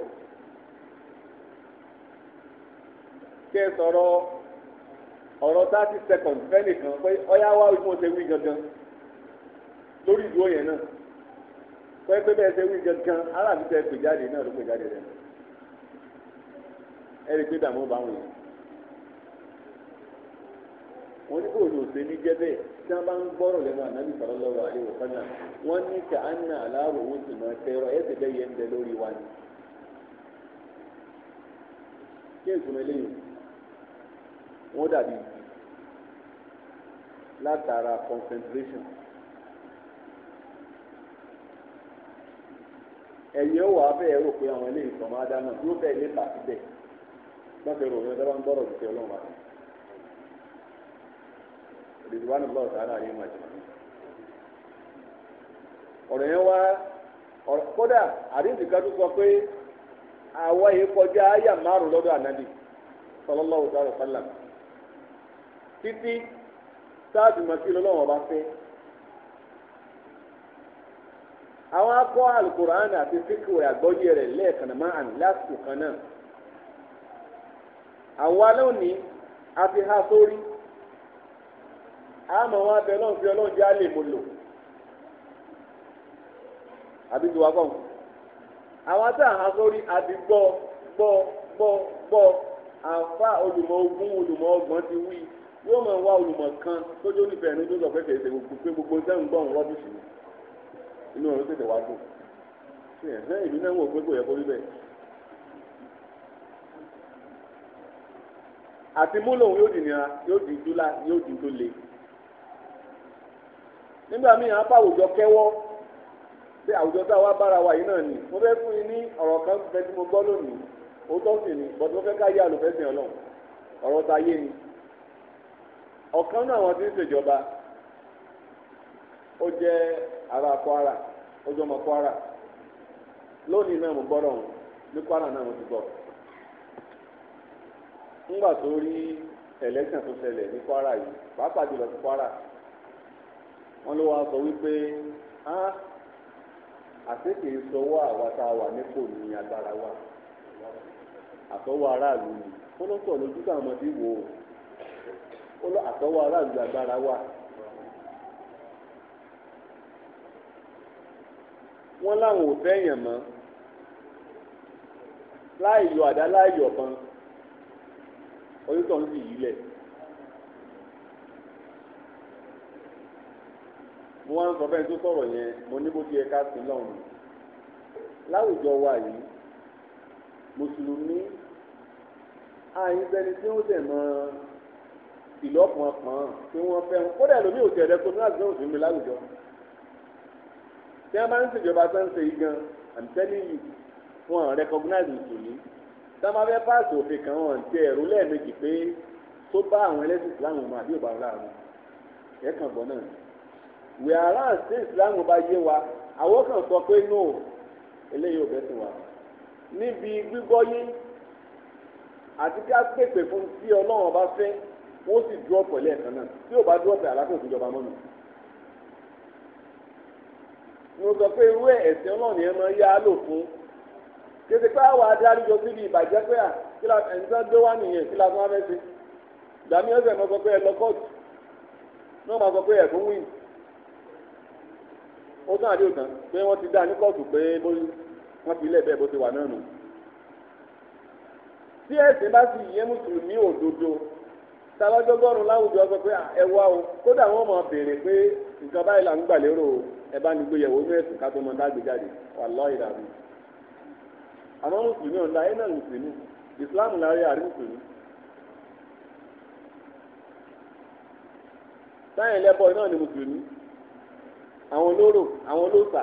Speaker 1: kẹ sọ̀rọ̀ ọ̀rọ̀ thirty seconds fẹ́nìkan pé ọyá wa wí mo ṣe wí gangan lórí ìdúró yẹn náà pé pé bẹ́ẹ̀ ṣe wí gangan aláàbí tẹ pè jáde náà ló pè jáde rẹ̀ ẹ rí i pé dààmú bá wọn yẹn. wọ́n ní kò lò ṣe ní jẹ́bẹ̀ tí wọ́n bá ń gbọ́rọ̀ lẹ́nu ànábì sallallahu alaihi wa sallam wọ́n ní kà a nà aláàrò owó sì máa tẹ́ ẹ̀sẹ̀ bẹ́ẹ̀ yẹn ń bẹ lórí wa ni. kí èso mi léyìn wọ́n dàbí látara concentration. ẹ̀yin wà á bẹ́ẹ̀ rò pé àwọn eléyìí kan bẹ́ẹ̀ lé bẹ́ẹ̀ ridwan allah ta'ala alayhi ma ọ̀rọ̀ yẹn wá kódà àdéhùn tó sọ pé àwa yìí kọjá àyà márùn lọ́dọ̀ sallallahu ta'ala sallam títí sáàtì màkì lọ́lọ́wọ́ bá fẹ́ àwọn akọ alukur'an àti fíkìwé àgbọ́yé rẹ̀ lẹ́ẹ̀kan máa hàn lásìkò kan náà àwa lónìí a fi há sórí. àmọ́ wọn abẹ náà fi ọlọ́run jẹ́ àlè mo lò àbí tí wàá kọ̀ àwọn tá a hàn sórí àti gbọ́ gbọ́ gbọ́ gbọ́ àfa olùmọ̀ ogún olùmọ̀ ọgbọ̀n ti wí yóò máa wá olùmọ̀ kan tójú onífẹ̀ẹ́ ní tó pé kèsè gbogbo pé gbogbo sẹ́yìn gbọ́ òun rọ́bìṣì ni inú òun tètè wá dùn ṣe ẹ̀hẹ́ ìlú náà wò pé kò yẹ kó rí bẹ́ẹ̀. àti múlò òun yóò dì nira yóò dì dúlá yóò dì tó le. nígbà míì á bá àwùjọ kẹ́wọ́ pé àwùjọ tá a wá bára wa yìí náà ni mo fẹ́ fún yín ní ọ̀rọ̀ kan fẹ́ tí mo gbọ́ lónìí òótọ́ sì ni bọ́tí mo fẹ́ ká yé àlùfẹ́sìn ọlọ́run ọ̀rọ̀ ta yé ni ọ̀kan náà ń ṣèjọba ó ara Kwara ó jọmọ Kwara lónìí náà mo gbọ́dọ̀ wọn Kwara náà mo ti gbọ́ ńgbà tó rí ẹlẹ́sìn tó Kwara yìí pàápàá jùlọ Kwara wọ́n ló wáá sọ wípé á àti kì í sọwọ́ àwa tá a wà nípò ní agbára wa àtọwọ́ aráàlú ni wọ́n ló sọ lójú táwọn ọmọdé wò ó wọ́n lọ àtọwọ́ aráàlú agbára wa. wọ́n láwọn ò fẹ́ yàn mọ́ láì yọ àdá láì yọ̀ kan oyún tó ń sì yí lẹ̀. mo wá ń sọ bẹ́ẹ̀ tó sọ̀rọ̀ yẹn mo ní bó ti yẹ ká sí lọ́run láwùjọ wa yìí mùsùlùmí àyìnbẹni tí ó dẹ̀ mọ́ ìlọ́pọ̀ ọ̀pọ̀n tí wọ́n fẹ́ wọn kódà lómi ò tẹ̀lé kó ní àgbẹ̀ òfin mi láwùjọ tí wọ́n bá ń ṣèjọba tó ń ṣe yìí gan I'm telling you wọn recognize mùsùlùmí tí wọ́n bá fẹ́ páàsì òfin kan wọn ti ẹ̀rú lẹ́ẹ̀mejì pé tó bá àwọn ẹlẹ́sìn Islam mu àbí ò whereas tí ìsìláàmù bá yé wa àwọn kan sọ pé no eléyìí ò wa níbi gbígbọ́ yé àti kí a pèpè fún tí ọlọ́run bá fẹ́ wọ́n sì dúró pẹ̀lú ẹ̀kan náà tí ò bá dúró pẹ̀lú aláfẹ́ òkújọba mọ́nà. mo sọ pé irú ẹ̀sìn ọlọ́run yẹn máa yá lò fún kété pé àwọn síbi ìbàjẹ́ pé à kí la wá nìyẹn kí la wá fẹ́ ọ̀sẹ̀ mo sọ ó tán àdéhùn tán pé wọ́n ti dá ní kóòtù pé wọ́n ti lẹ̀ bẹ́ẹ̀ bó ti wà náà nù. tí ẹ̀sìn bá sì yé mùsùlùmí òdodo láwùjọ sọ pé o kódà wọ́n máa béèrè pé nǹkan báyìí là ń gbà lérò ẹ bá ní gbéyẹ̀wò ní mọ dágbé jáde ìdàbí. àmọ́ mùsùlùmí ọ̀la ẹ̀ náà mùsùlùmí àrí mùsùlùmí. àwọn olóró àwọn olóòṣà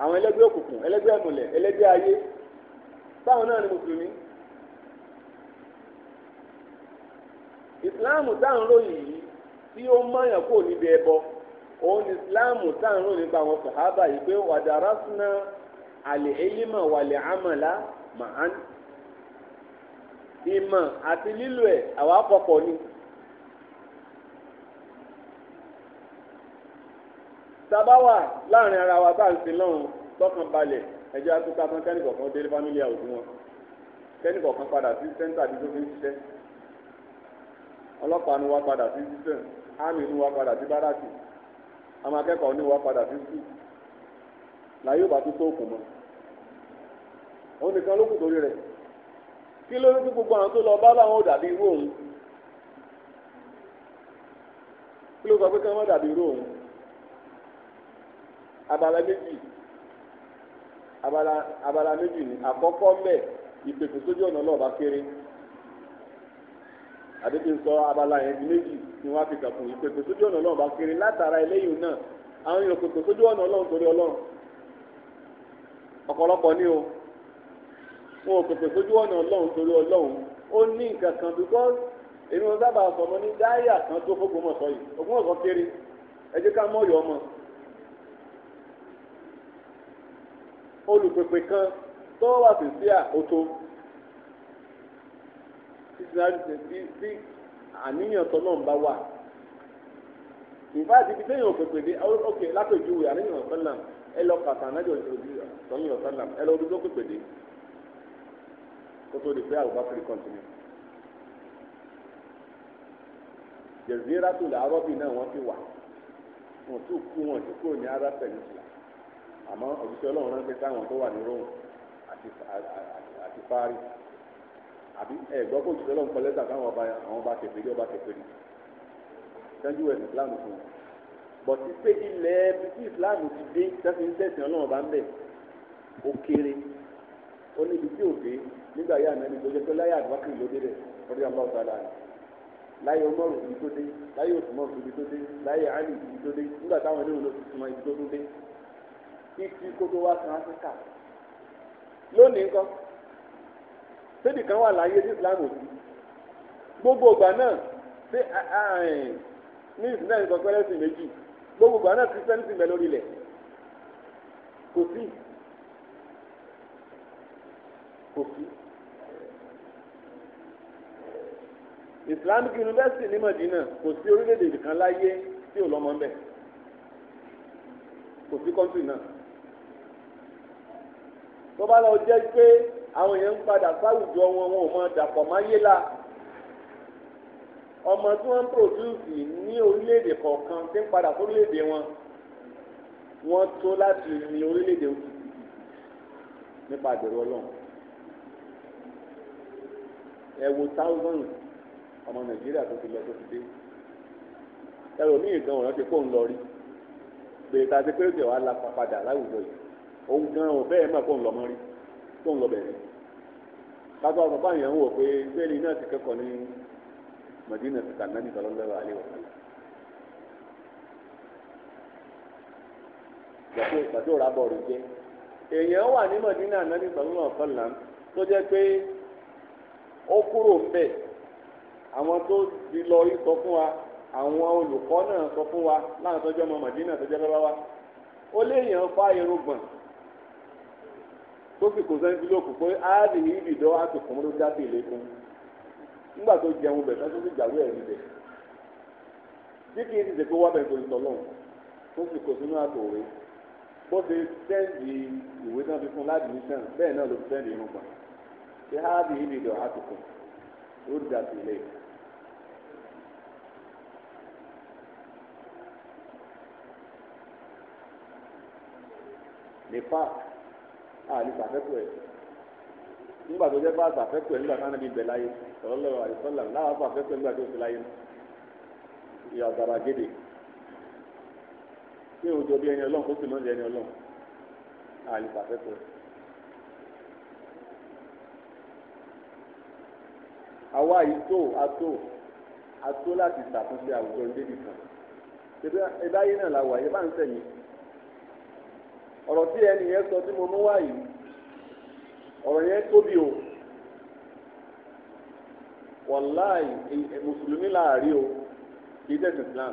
Speaker 1: àwọn ẹlẹ́gbẹ́ òkùnkùn ẹlẹ́gbẹ́ ayé báwọn náà ni mùsùlùmí. ìsìláàmù táwọn ròyìn yìí tí ó mọ̀yàn níbi ẹbọ òun ni ìsìláàmù táwọn ròyìn nípa àwọn sàhábà yìí pé wàdàrà súná àlè àmàlà àti lílo ni. tábà wà láàrin ara wa tá à ń sin lọ́hùn lọ́kàn balẹ̀ ẹjọ́ àtúntà fún kẹ́nìkọ̀ọ̀kan délé fámílì àwùjọ wọn kẹ́nìkọ̀ọ̀kan padà sí sẹ́ńtà bí tó fi ń ṣiṣẹ́ ọlọ́pàá ni wọ́n padà sí sísẹ̀m ámì ni wọ́n padà sí báràkì àwọn akẹ́kọ̀ọ́ ni wọ́n padà sí sùkúù láyé ò bá tún tóòkù mọ́ òun nìkan ló kù torí rẹ̀ kí ló ń tún gbogbo àwọn tó lọ bá láwọn ò dàbí irú òun kí ló sọ pé kí wọ́n dàbí irú òun abala méjì abala abala méjì ni àkọ́kọ́ mbẹ́ ìpèsè sójú ọ̀nà náà bá kéré àdébí sọ abala yẹn méjì ni wọ́n á fi kàkùn ìpèsè sójú ọ̀nà náà bá kéré látara eléyìí náà àwọn èèyàn pèsè sójú ọ̀nà ọlọ́run torí ọlọ́run ọ̀pọ̀lọpọ̀ ni o wọn ò pèsè sójú ọ̀nà ọlọ́run torí ọlọ́run ó ní nǹkan kan because èmi wọn sábà sọ ní dáyà kan tó fógun yìí ògùn kéré ẹ ká mọ̀ ọ̀yọ́ ọmọ olùpèpè kan tó wà sí sí àkótó tí tí àníyàn tó náà ń bá wà ìfáàtì ibi téèyàn pèpè dé ok lápèjúwe àníyàn sọ́nà ẹ lọ kàtà náà jọ sọ́yìn sọ́nà ẹ lọ dúró pèpè dé kótó di pé àwùbá kiri kọ́ntínú. jẹ̀zíra tó làárọ̀ bíi náà wọ́n ti wà wọ́n tún kú wọn ti kúrò ní ara pẹ̀lú ìlànà àmọ́ òjíṣẹ́ ọlọ́run ránṣẹ́ sáwọn tó wà ní Rome àti Paris àbí ẹ gbọ́ pé òjíṣẹ́ ọlọ́run kọ lẹ́tà sáwọn ọba àwọn ọba kẹfìrí ọba kẹfìrí sẹ́ńjú ẹ̀ Islam fún un bọ̀tí pé ilẹ̀ tí Islam ti dé sẹ́fì ń tẹ̀sìn ọlọ́run bá ń bẹ̀ ó kéré ó níbi tí ò dé nígbà yá ànábi tó jẹ́ pé láyé àdúrákì ló dé rẹ̀ lórí àbá ọ̀tá dáadáa láyé Umaru ibi tó dé láyé Usman ibi tó dé láyé Ali ibi tó dé nígbà táwọn ẹlẹ́wọ̀n ló ti súnmọ́ ibi tó tún dé títí kótó wá sí áfíríkà lónìí nǹkan sébì kan wà láyé ní islam òbí gbogbo ìgbà náà ṣé ní ìsìnlẹ̀ nǹkan pẹ́lẹ́ sí méjì gbogbo ìgbà náà kristian ti bẹ̀ lórí ilẹ̀ kò sí kò sí. islamic university ní madina kò sí orílẹ̀-èdè kan láyé tí ò lọ́mọ ń bẹ̀ kò sí kọ́ńtì náà tó bá lọ jẹ́ pé àwọn èèyàn ń padà sáwùjọ wọn wọn ò mọ dàpọ̀ máyé la ọmọ tí wọ́n ń pòdúùsì ní orílẹ̀-èdè kọ̀ọ̀kan tí ń padà sórílẹ̀-èdè wọn wọ́n tó láti ní orílẹ̀-èdè òkú nípa àdèrò ọlọ́run ẹ wo thousand ọmọ nàìjíríà tó ti lọ tó ti dé ẹlòmíì gan ọ̀ràn ti kó ń lọ rí pé tàbí pé ó ti wà á la padà láwùjọ yìí. òun gan ò fẹ́ẹ̀ mọ̀ kó ń lọ mọ́ rí kó ń lọ bẹ̀rẹ̀ kájọ ọ̀sán ń wò pé Madina ti èèyàn wà Madina náà tó pé ó kúrò lọ rí sọ fún wa àwọn náà sọ fún wa láwọn ọmọ Madina tó jẹ́ lọ́wọ́ ó léèyàn gbọn. tó sì kó sẹ́ńtì lóko pé áàdì ní ibi ìdánwò àti kùn ló dá tèlé fún nígbà tó jẹun bẹ̀ tó sì jàwé ẹ̀rí bẹ̀ tí kì í ti dèkó wá bẹ̀ tó ìtọ́ lọ́hùn tó sì kó sínú àtò rẹ̀ bó ṣe sẹ́ńtì ìwé náà fi fún láti ní sẹ́ńtì bẹ́ẹ̀ náà ló fi sẹ́ńtì irun pa pé áàdì ní ibi ìdánwò àti kùn ló dá tèlé fún. nípa àlè sàfẹ́kù ẹ̀ nígbà tó jẹ́ pé àsàfẹ́kù ẹ̀ nígbà táwọn ẹbí bẹ̀ láyé sallallahu alaihi wasallam láwọn àsàfẹ́kù ẹ̀ nígbà tó fi láyé ìyá ọ̀gára gédè pé òjò bí ẹni ọlọ́run kó sì mọ́ ẹni ọlọ́run àlè sàfẹ́kù ẹ̀. àwa yìí tó ató ató láti ṣàtúnṣe àwùjọ ìdébìkan ìdáyé náà la yẹ bá ń sẹ̀yìn ọ̀rọ̀ tí ẹnì yẹn sọ tí mo mú wá yìí ọ̀rọ̀ yẹn tóbi o wàláì mùsùlùmí láàárín o kìí tẹ̀sí Islam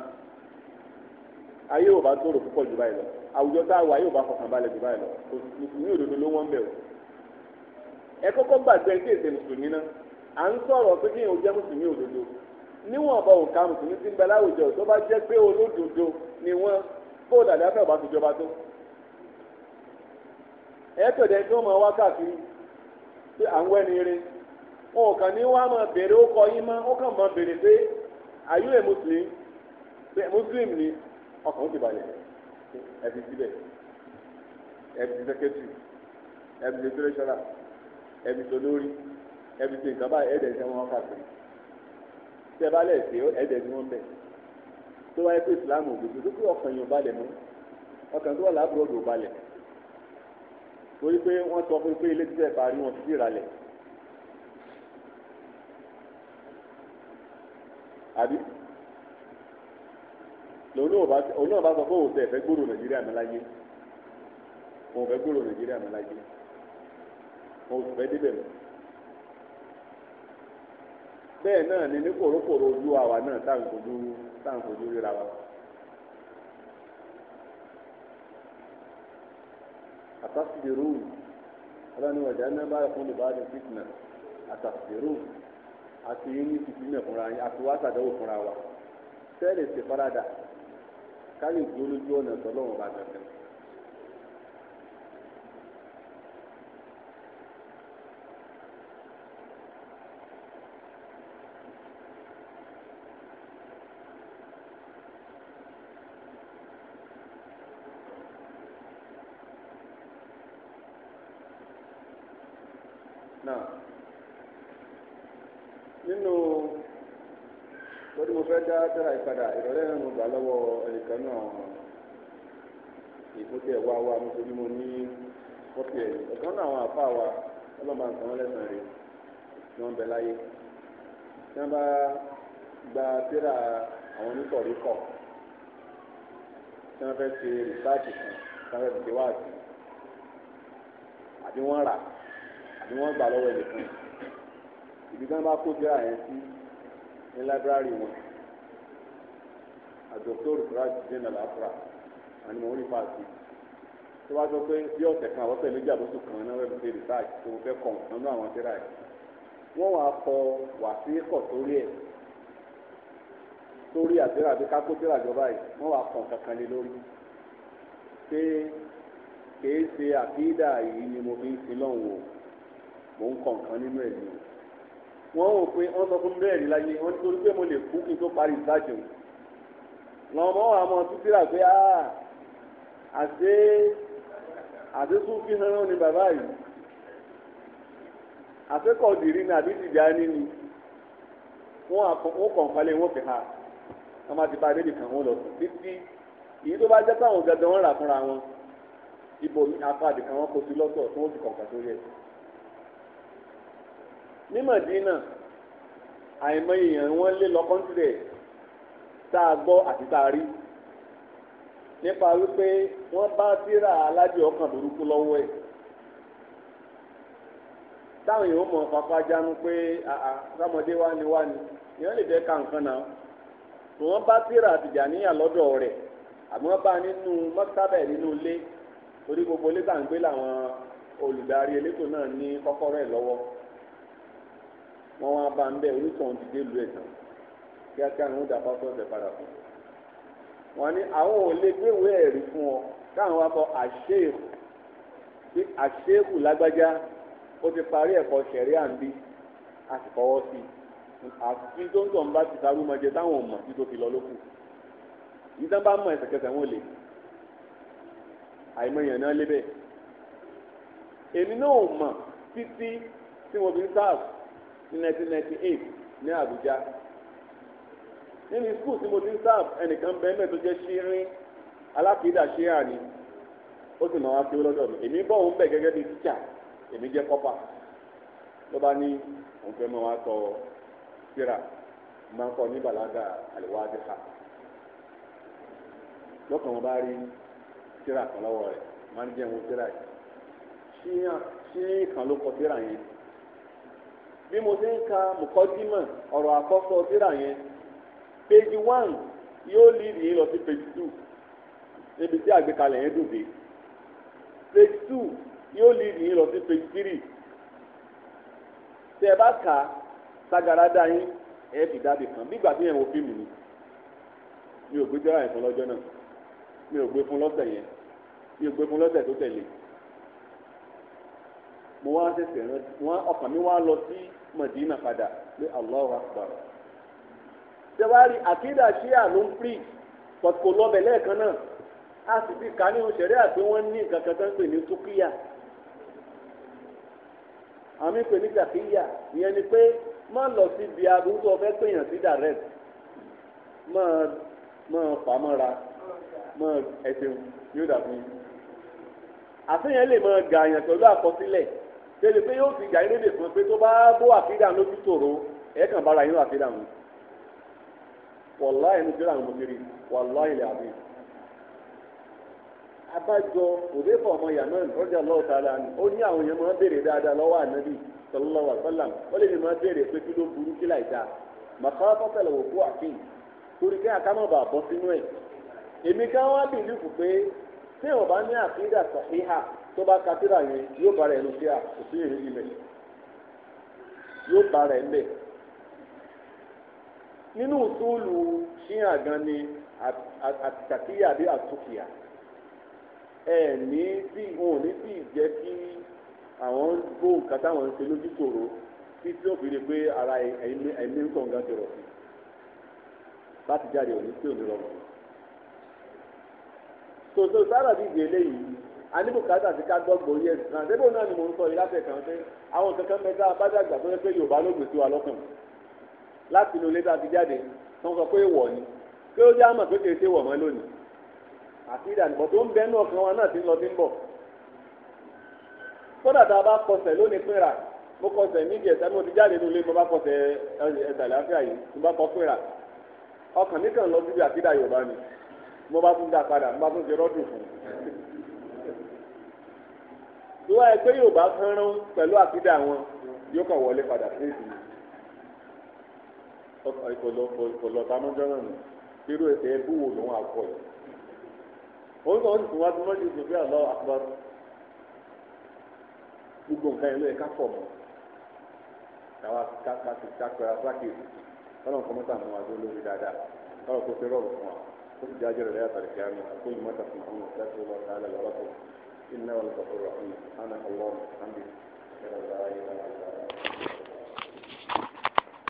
Speaker 1: ayé ò bá tòrò púpọ̀ jù báyìí lọ àwùjọ tá a wà ayé ò bá fọkàn balẹ̀ jù báyìí lọ mùsùlùmí òdodo ló wọ́n bẹ̀ o ẹ kọ́kọ́ gbàgbé kí èsè mùsùlùmí náà à ń sọ̀rọ̀ pé kí èèyàn jẹ́ mùsùlùmí òdodo níwọ̀n ọba òǹkà mùsùlùmí ti ń bẹ láwùjọ tó bá jẹ́ pé olódodo ni wọ́n bó dàdá fẹ́ ọba tó jọba tó ẹ̀ẹ́dẹ̀dẹ̀ tí wọ́n máa wá káàkiri pé à ń wẹ́ni rí wọn ò kàn ní wá máa bèrè ó kọ yín mọ́ ó kàn máa bèrè pé are you a muslim pé muslim ni ọkàn ó ti balẹ̀ ẹ̀bí síbẹ̀ ẹ̀bí sẹ́kẹ́tì ẹ̀bí lẹ́tírẹ́sọ̀rà ẹ̀bí sọlórí ẹ̀bí ṣe nǹkan báyìí ẹ̀ẹ́dẹ̀ tí wọ́n wá káàkiri tẹ́ bá lẹ̀ sí ẹ̀ẹ́dẹ̀ tí wọ́n bẹ̀ tó wáyé pé islam ò gbèsè tó kí ọkàn yóò balẹ̀ mọ́ ọkàn tó wà lábúrò ò torí pé wọ́n sọ fún pé ilé títẹ̀ parí wọn fìdí ìralẹ̀ àbí lòun náà bá sọ pé òun tẹ̀ fẹ́ gbòòrò nàìjíríà mi láyé òun fẹ́ gbòòrò nàìjíríà mi láyé òun sì fẹ́ débẹ̀ mọ́ bẹ́ẹ̀ náà ni ní kòrókòrò ojú àwa náà táwọn kojú táwọn kojú ríra wa. àtàkùdérù ọlọ́ni ọ̀dà náà bá fún ìbáàdì fitna àtàkùdérù àti yíní fìtínà fúnra yín àti wàá sàdáwò fúnra wa sẹ́ẹ̀lì ṣèfaradà ká lè dúró lójú ọ̀nà tọ́lọ́wọ̀n bá gbẹ̀gbẹ̀. lọ́wọ́ ẹnìkan náà ìfúnṣe ẹ̀wá wa mo ní mo ní kọ́pì ẹ̀ ọ̀kan náà àwọn àfa wa ọlọ́mọba nǹkan wọn lẹ́sàn-án rè ni wọ́n bẹ láyé tí wọ́n bá gba tírà àwọn onítọ̀rí kọ̀ tí wọ́n fẹ́ ṣe rìsáàtì kan tí wọ́n fẹ́ ṣe wáàsí àbí wọ́n rà àbí wọ́n gbà lọ́wọ́ ẹnìkan ìdí tí wọ́n bá kó tírà yẹn sí ní láìbírárì wọn àdókòrò Sirajuddeen Alafra àni mo rí paasi tó wá sọ pé bí ọ̀sẹ̀ kan àwọn pẹ̀lú ìjà lóṣù kan náà wẹ́n fi research tó fẹ́ kọ̀ nínú àwọn tíra ẹ̀ wọ́n wàá kọ wàsíkọ̀ sórí ẹ̀ sórí àtẹ́rà bí kákó tíra jọba yìí wọ́n wàá kọ̀ kankan lé lórí pé kèé ṣe àkídà yìí ni mo fi ń sin lọ́hùn o mò ń kọ̀ nǹkan nínú ẹ̀ ni wọ́n rò pé wọ́n sọ fún bẹ́ẹ̀ rí láyé wọ́n nítorí pé mo lè kú kí n tó parí ìsájò lọ́wọ́ mọ́ wàá mọ títí rà pé àṣé àṣé tún fi hàn ní bàbá yìí àṣé kọ̀ọ̀dìrí ni àbí tìjà ní ni wọ́n kàn falẹ̀ wọ́n fi hà wọ́n máa ti bá débi kan wọ́n lọ títí èyí tó bá jẹ́ táwọn gẹ́gẹ́ wọ́n rà fúnra wọn ibo apáàdì kan wọ́n kó sí lọ́tọ̀ tí wọ́n ti kọ̀ọ̀kan tó yẹ. ní Mádínà àìmọye èèyàn wọ́n lé lọ rẹ̀ tá a gbọ́ àti tá a rí nípa wípé wọ́n bá síra aládìí ọkàn burúkú lọ́wọ́ ẹ̀ táwọn èèyàn mọ̀ pápá jánu pé wá ni ìyẹn lè fẹ́ ka nǹkan náà wọ́n bá síra lọ́dọ̀ rẹ̀ àmọ́ bá nínú mọ́tàbẹ̀ nínú ilé torí gbogbo ilé tá à ń gbé wọ́n bá ń kíákíá ni wọ́n dà pásítọ̀tì ẹ̀ padà fún un. wọ́n ní àwọn ò lè gbéwé ẹ̀rí fún ọ káwọn wá kọ àṣeéhù tí àṣeéhù lágbájá ó ti parí ẹ̀kọ́ ṣẹ̀ríà ń bí a sì kọ́wọ́ sí i àfi tó ń tọ̀ ń bá ti sarú táwọn ò mọ̀ tí tó fi lọ lókù yìí tán bá mọ ẹsẹ̀kẹsẹ̀ wọn lè àìmọ̀ náà lébẹ̀ èmi náà ò mọ̀ títí tí wọ́n fi ń sáàf ní 1998 ní Àbújá nínú skul tí mo ti ń sáàb ẹnìkan bẹ́ẹ̀ mẹ́ẹ̀ tó jẹ́ ṣírín alákìídà ṣíà ni ó sì máa wá sí lọ́dọ̀ mi èmi bọ̀ òun bẹ̀ gẹ́gẹ́ bíi tíṣà èmi jẹ́ kọ́pà ló bá ní òun fẹ́ máa wá sọ síra máa ń kọ́ ní bàlágà àlèwádìí ha lọ́kàn wọn bá rí síra kan lọ́wọ́ rẹ̀ máa ń jẹ́ wọn síra yìí ṣí kan ló kọ síra yẹn bí mo ti ń ka mùkọ́dímọ̀ ọ̀rọ̀ àkọ́sọ síra yẹn page one yóò lead yín lọ sí page two níbi tí àgbékalẹ̀ yẹn dùn dé page two yóò lead yín lọ sí page three tẹ ẹ bá kà á sagarada yín ẹ fi dábì kan bí ìgbà tí yẹn wo fíìmù ni mi ò gbé jẹ́rọ yẹn fún lọ́jọ́ náà mi ò gbé fún lọ́sẹ̀ yẹn mi ò gbé fún lọ́sẹ̀ tó tẹ̀lé mo wá ń ṣẹ̀ṣẹ̀ ọkàn mi wá lọ sí Madina padà pé Allahu Akbar sẹwárí àkídà ṣíà ló ń pè pọ̀tùkò lọ́bẹ̀ lẹ́ẹ̀kan náà a sì ti kà ní òṣèré àti wọ́n ní nǹkan kan tó ń pè ní túkìyà àmì pè ní kàkíyà ìyẹn ni pé má lọ sí ibi aburú tó fẹ́ pèèyàn sí direct máa máa fàmọ́ra máa ẹ̀sìn yóò dàbí àtẹ̀yẹn lè máa gà àyàn pẹ̀lú àkọsílẹ̀ tẹ́lẹ̀ pé yóò fi gà irédè fún un pé tó bá bó àkídà lójú tòrò ẹ̀ẹ́kàn bára yín àkídà wọn. wàláì ní jọ́lá àwọn mọ̀kiri wàláì abájọ òdefọ̀ ọmọ yamani rọ́jà lọ́wọ́ tààlà ni ó ní àwọn èèyàn máa béèrè dáadáa lọ́wọ́ ànábì sallallahu alaihi ó lè ní máa béèrè pé kí ló burú kí láì màkà wò àfin torí kí sínú èmi ká wá pé tí bá nínú òṣòlù ṣíyàn gan ni àtàkìyà àbí àtúkìyà ẹ ní tí wọn ò ní tí ì jẹ́ kí àwọn gbó nǹkan táwọn ń ṣe lójú tòrò tí tí ó fi rí pé ara ẹ̀mí ń kàn gan ti rọ̀ sí láti jáde òní tí ò ní rọrùn tòótọ́ sára bíi eléyìí anibukata ti ká gbọ́gbọ́ yẹ ẹ̀sìn náà débò náà ni mò ń sọ yìí látẹ̀kàn pé àwọn kankan mẹ́ta abájágbà tó yẹ pé Yorùbá ló gbèsè wa lọ́kàn láti inú ilé tá a ti jáde tó ń sọ pé wọ̀ ni pé ó já mọ̀ pé kì í ṣe wọ̀ mọ́ lónìí àti ìdánimọ̀ tó ń bẹ náà kan wa náà ti ń lọ sí ń bọ̀ kódà tá a bá kọsẹ̀ lónìí pínra mo kọsẹ̀ níbi ẹ̀sẹ̀ mo ti jáde nínú ilé mo bá kọsẹ̀ ẹ̀sẹ̀ àlàáfíà yìí mo bá kọ pínra ọkàn mi kàn lọ síbi àkídà Yorùbá ni mo bá tún dá padà mo bá tún ṣe rọ́dùn fún un ìwà ẹgbẹ́ Yorùbá kan rán pẹ̀lú àkídà wọn yóò kàn wọlé padà sí ìsinmi ọ̀lọ́tanújọ́ náà nù irú ẹ̀bú wo lòun àkọ́ yìí òun náà sì tún wá tún mọ́jú ìdìbò àlọ́ àkùbá gbogbo nǹkan yẹn ló yẹ ká pọ̀ mọ́ káwa kápẹ́ra sákèsì kọ́nà kọ́ mọ́tà mọ́ àdó lórí dáadáa kọ́nà kó fẹ́ rọ̀rùn fún wa kó sì jájọ́ rẹ̀ látàrí kí á mi kó yìí mọ́tà fún àwọn ọ̀gá tó wà sálẹ̀ lọ́wọ́ tó iná wọn
Speaker 3: kọ̀ọ̀rọ̀ ọ̀hún àná ọlọ́run àmì ẹ̀rọ ìdára yìí lára ìdára.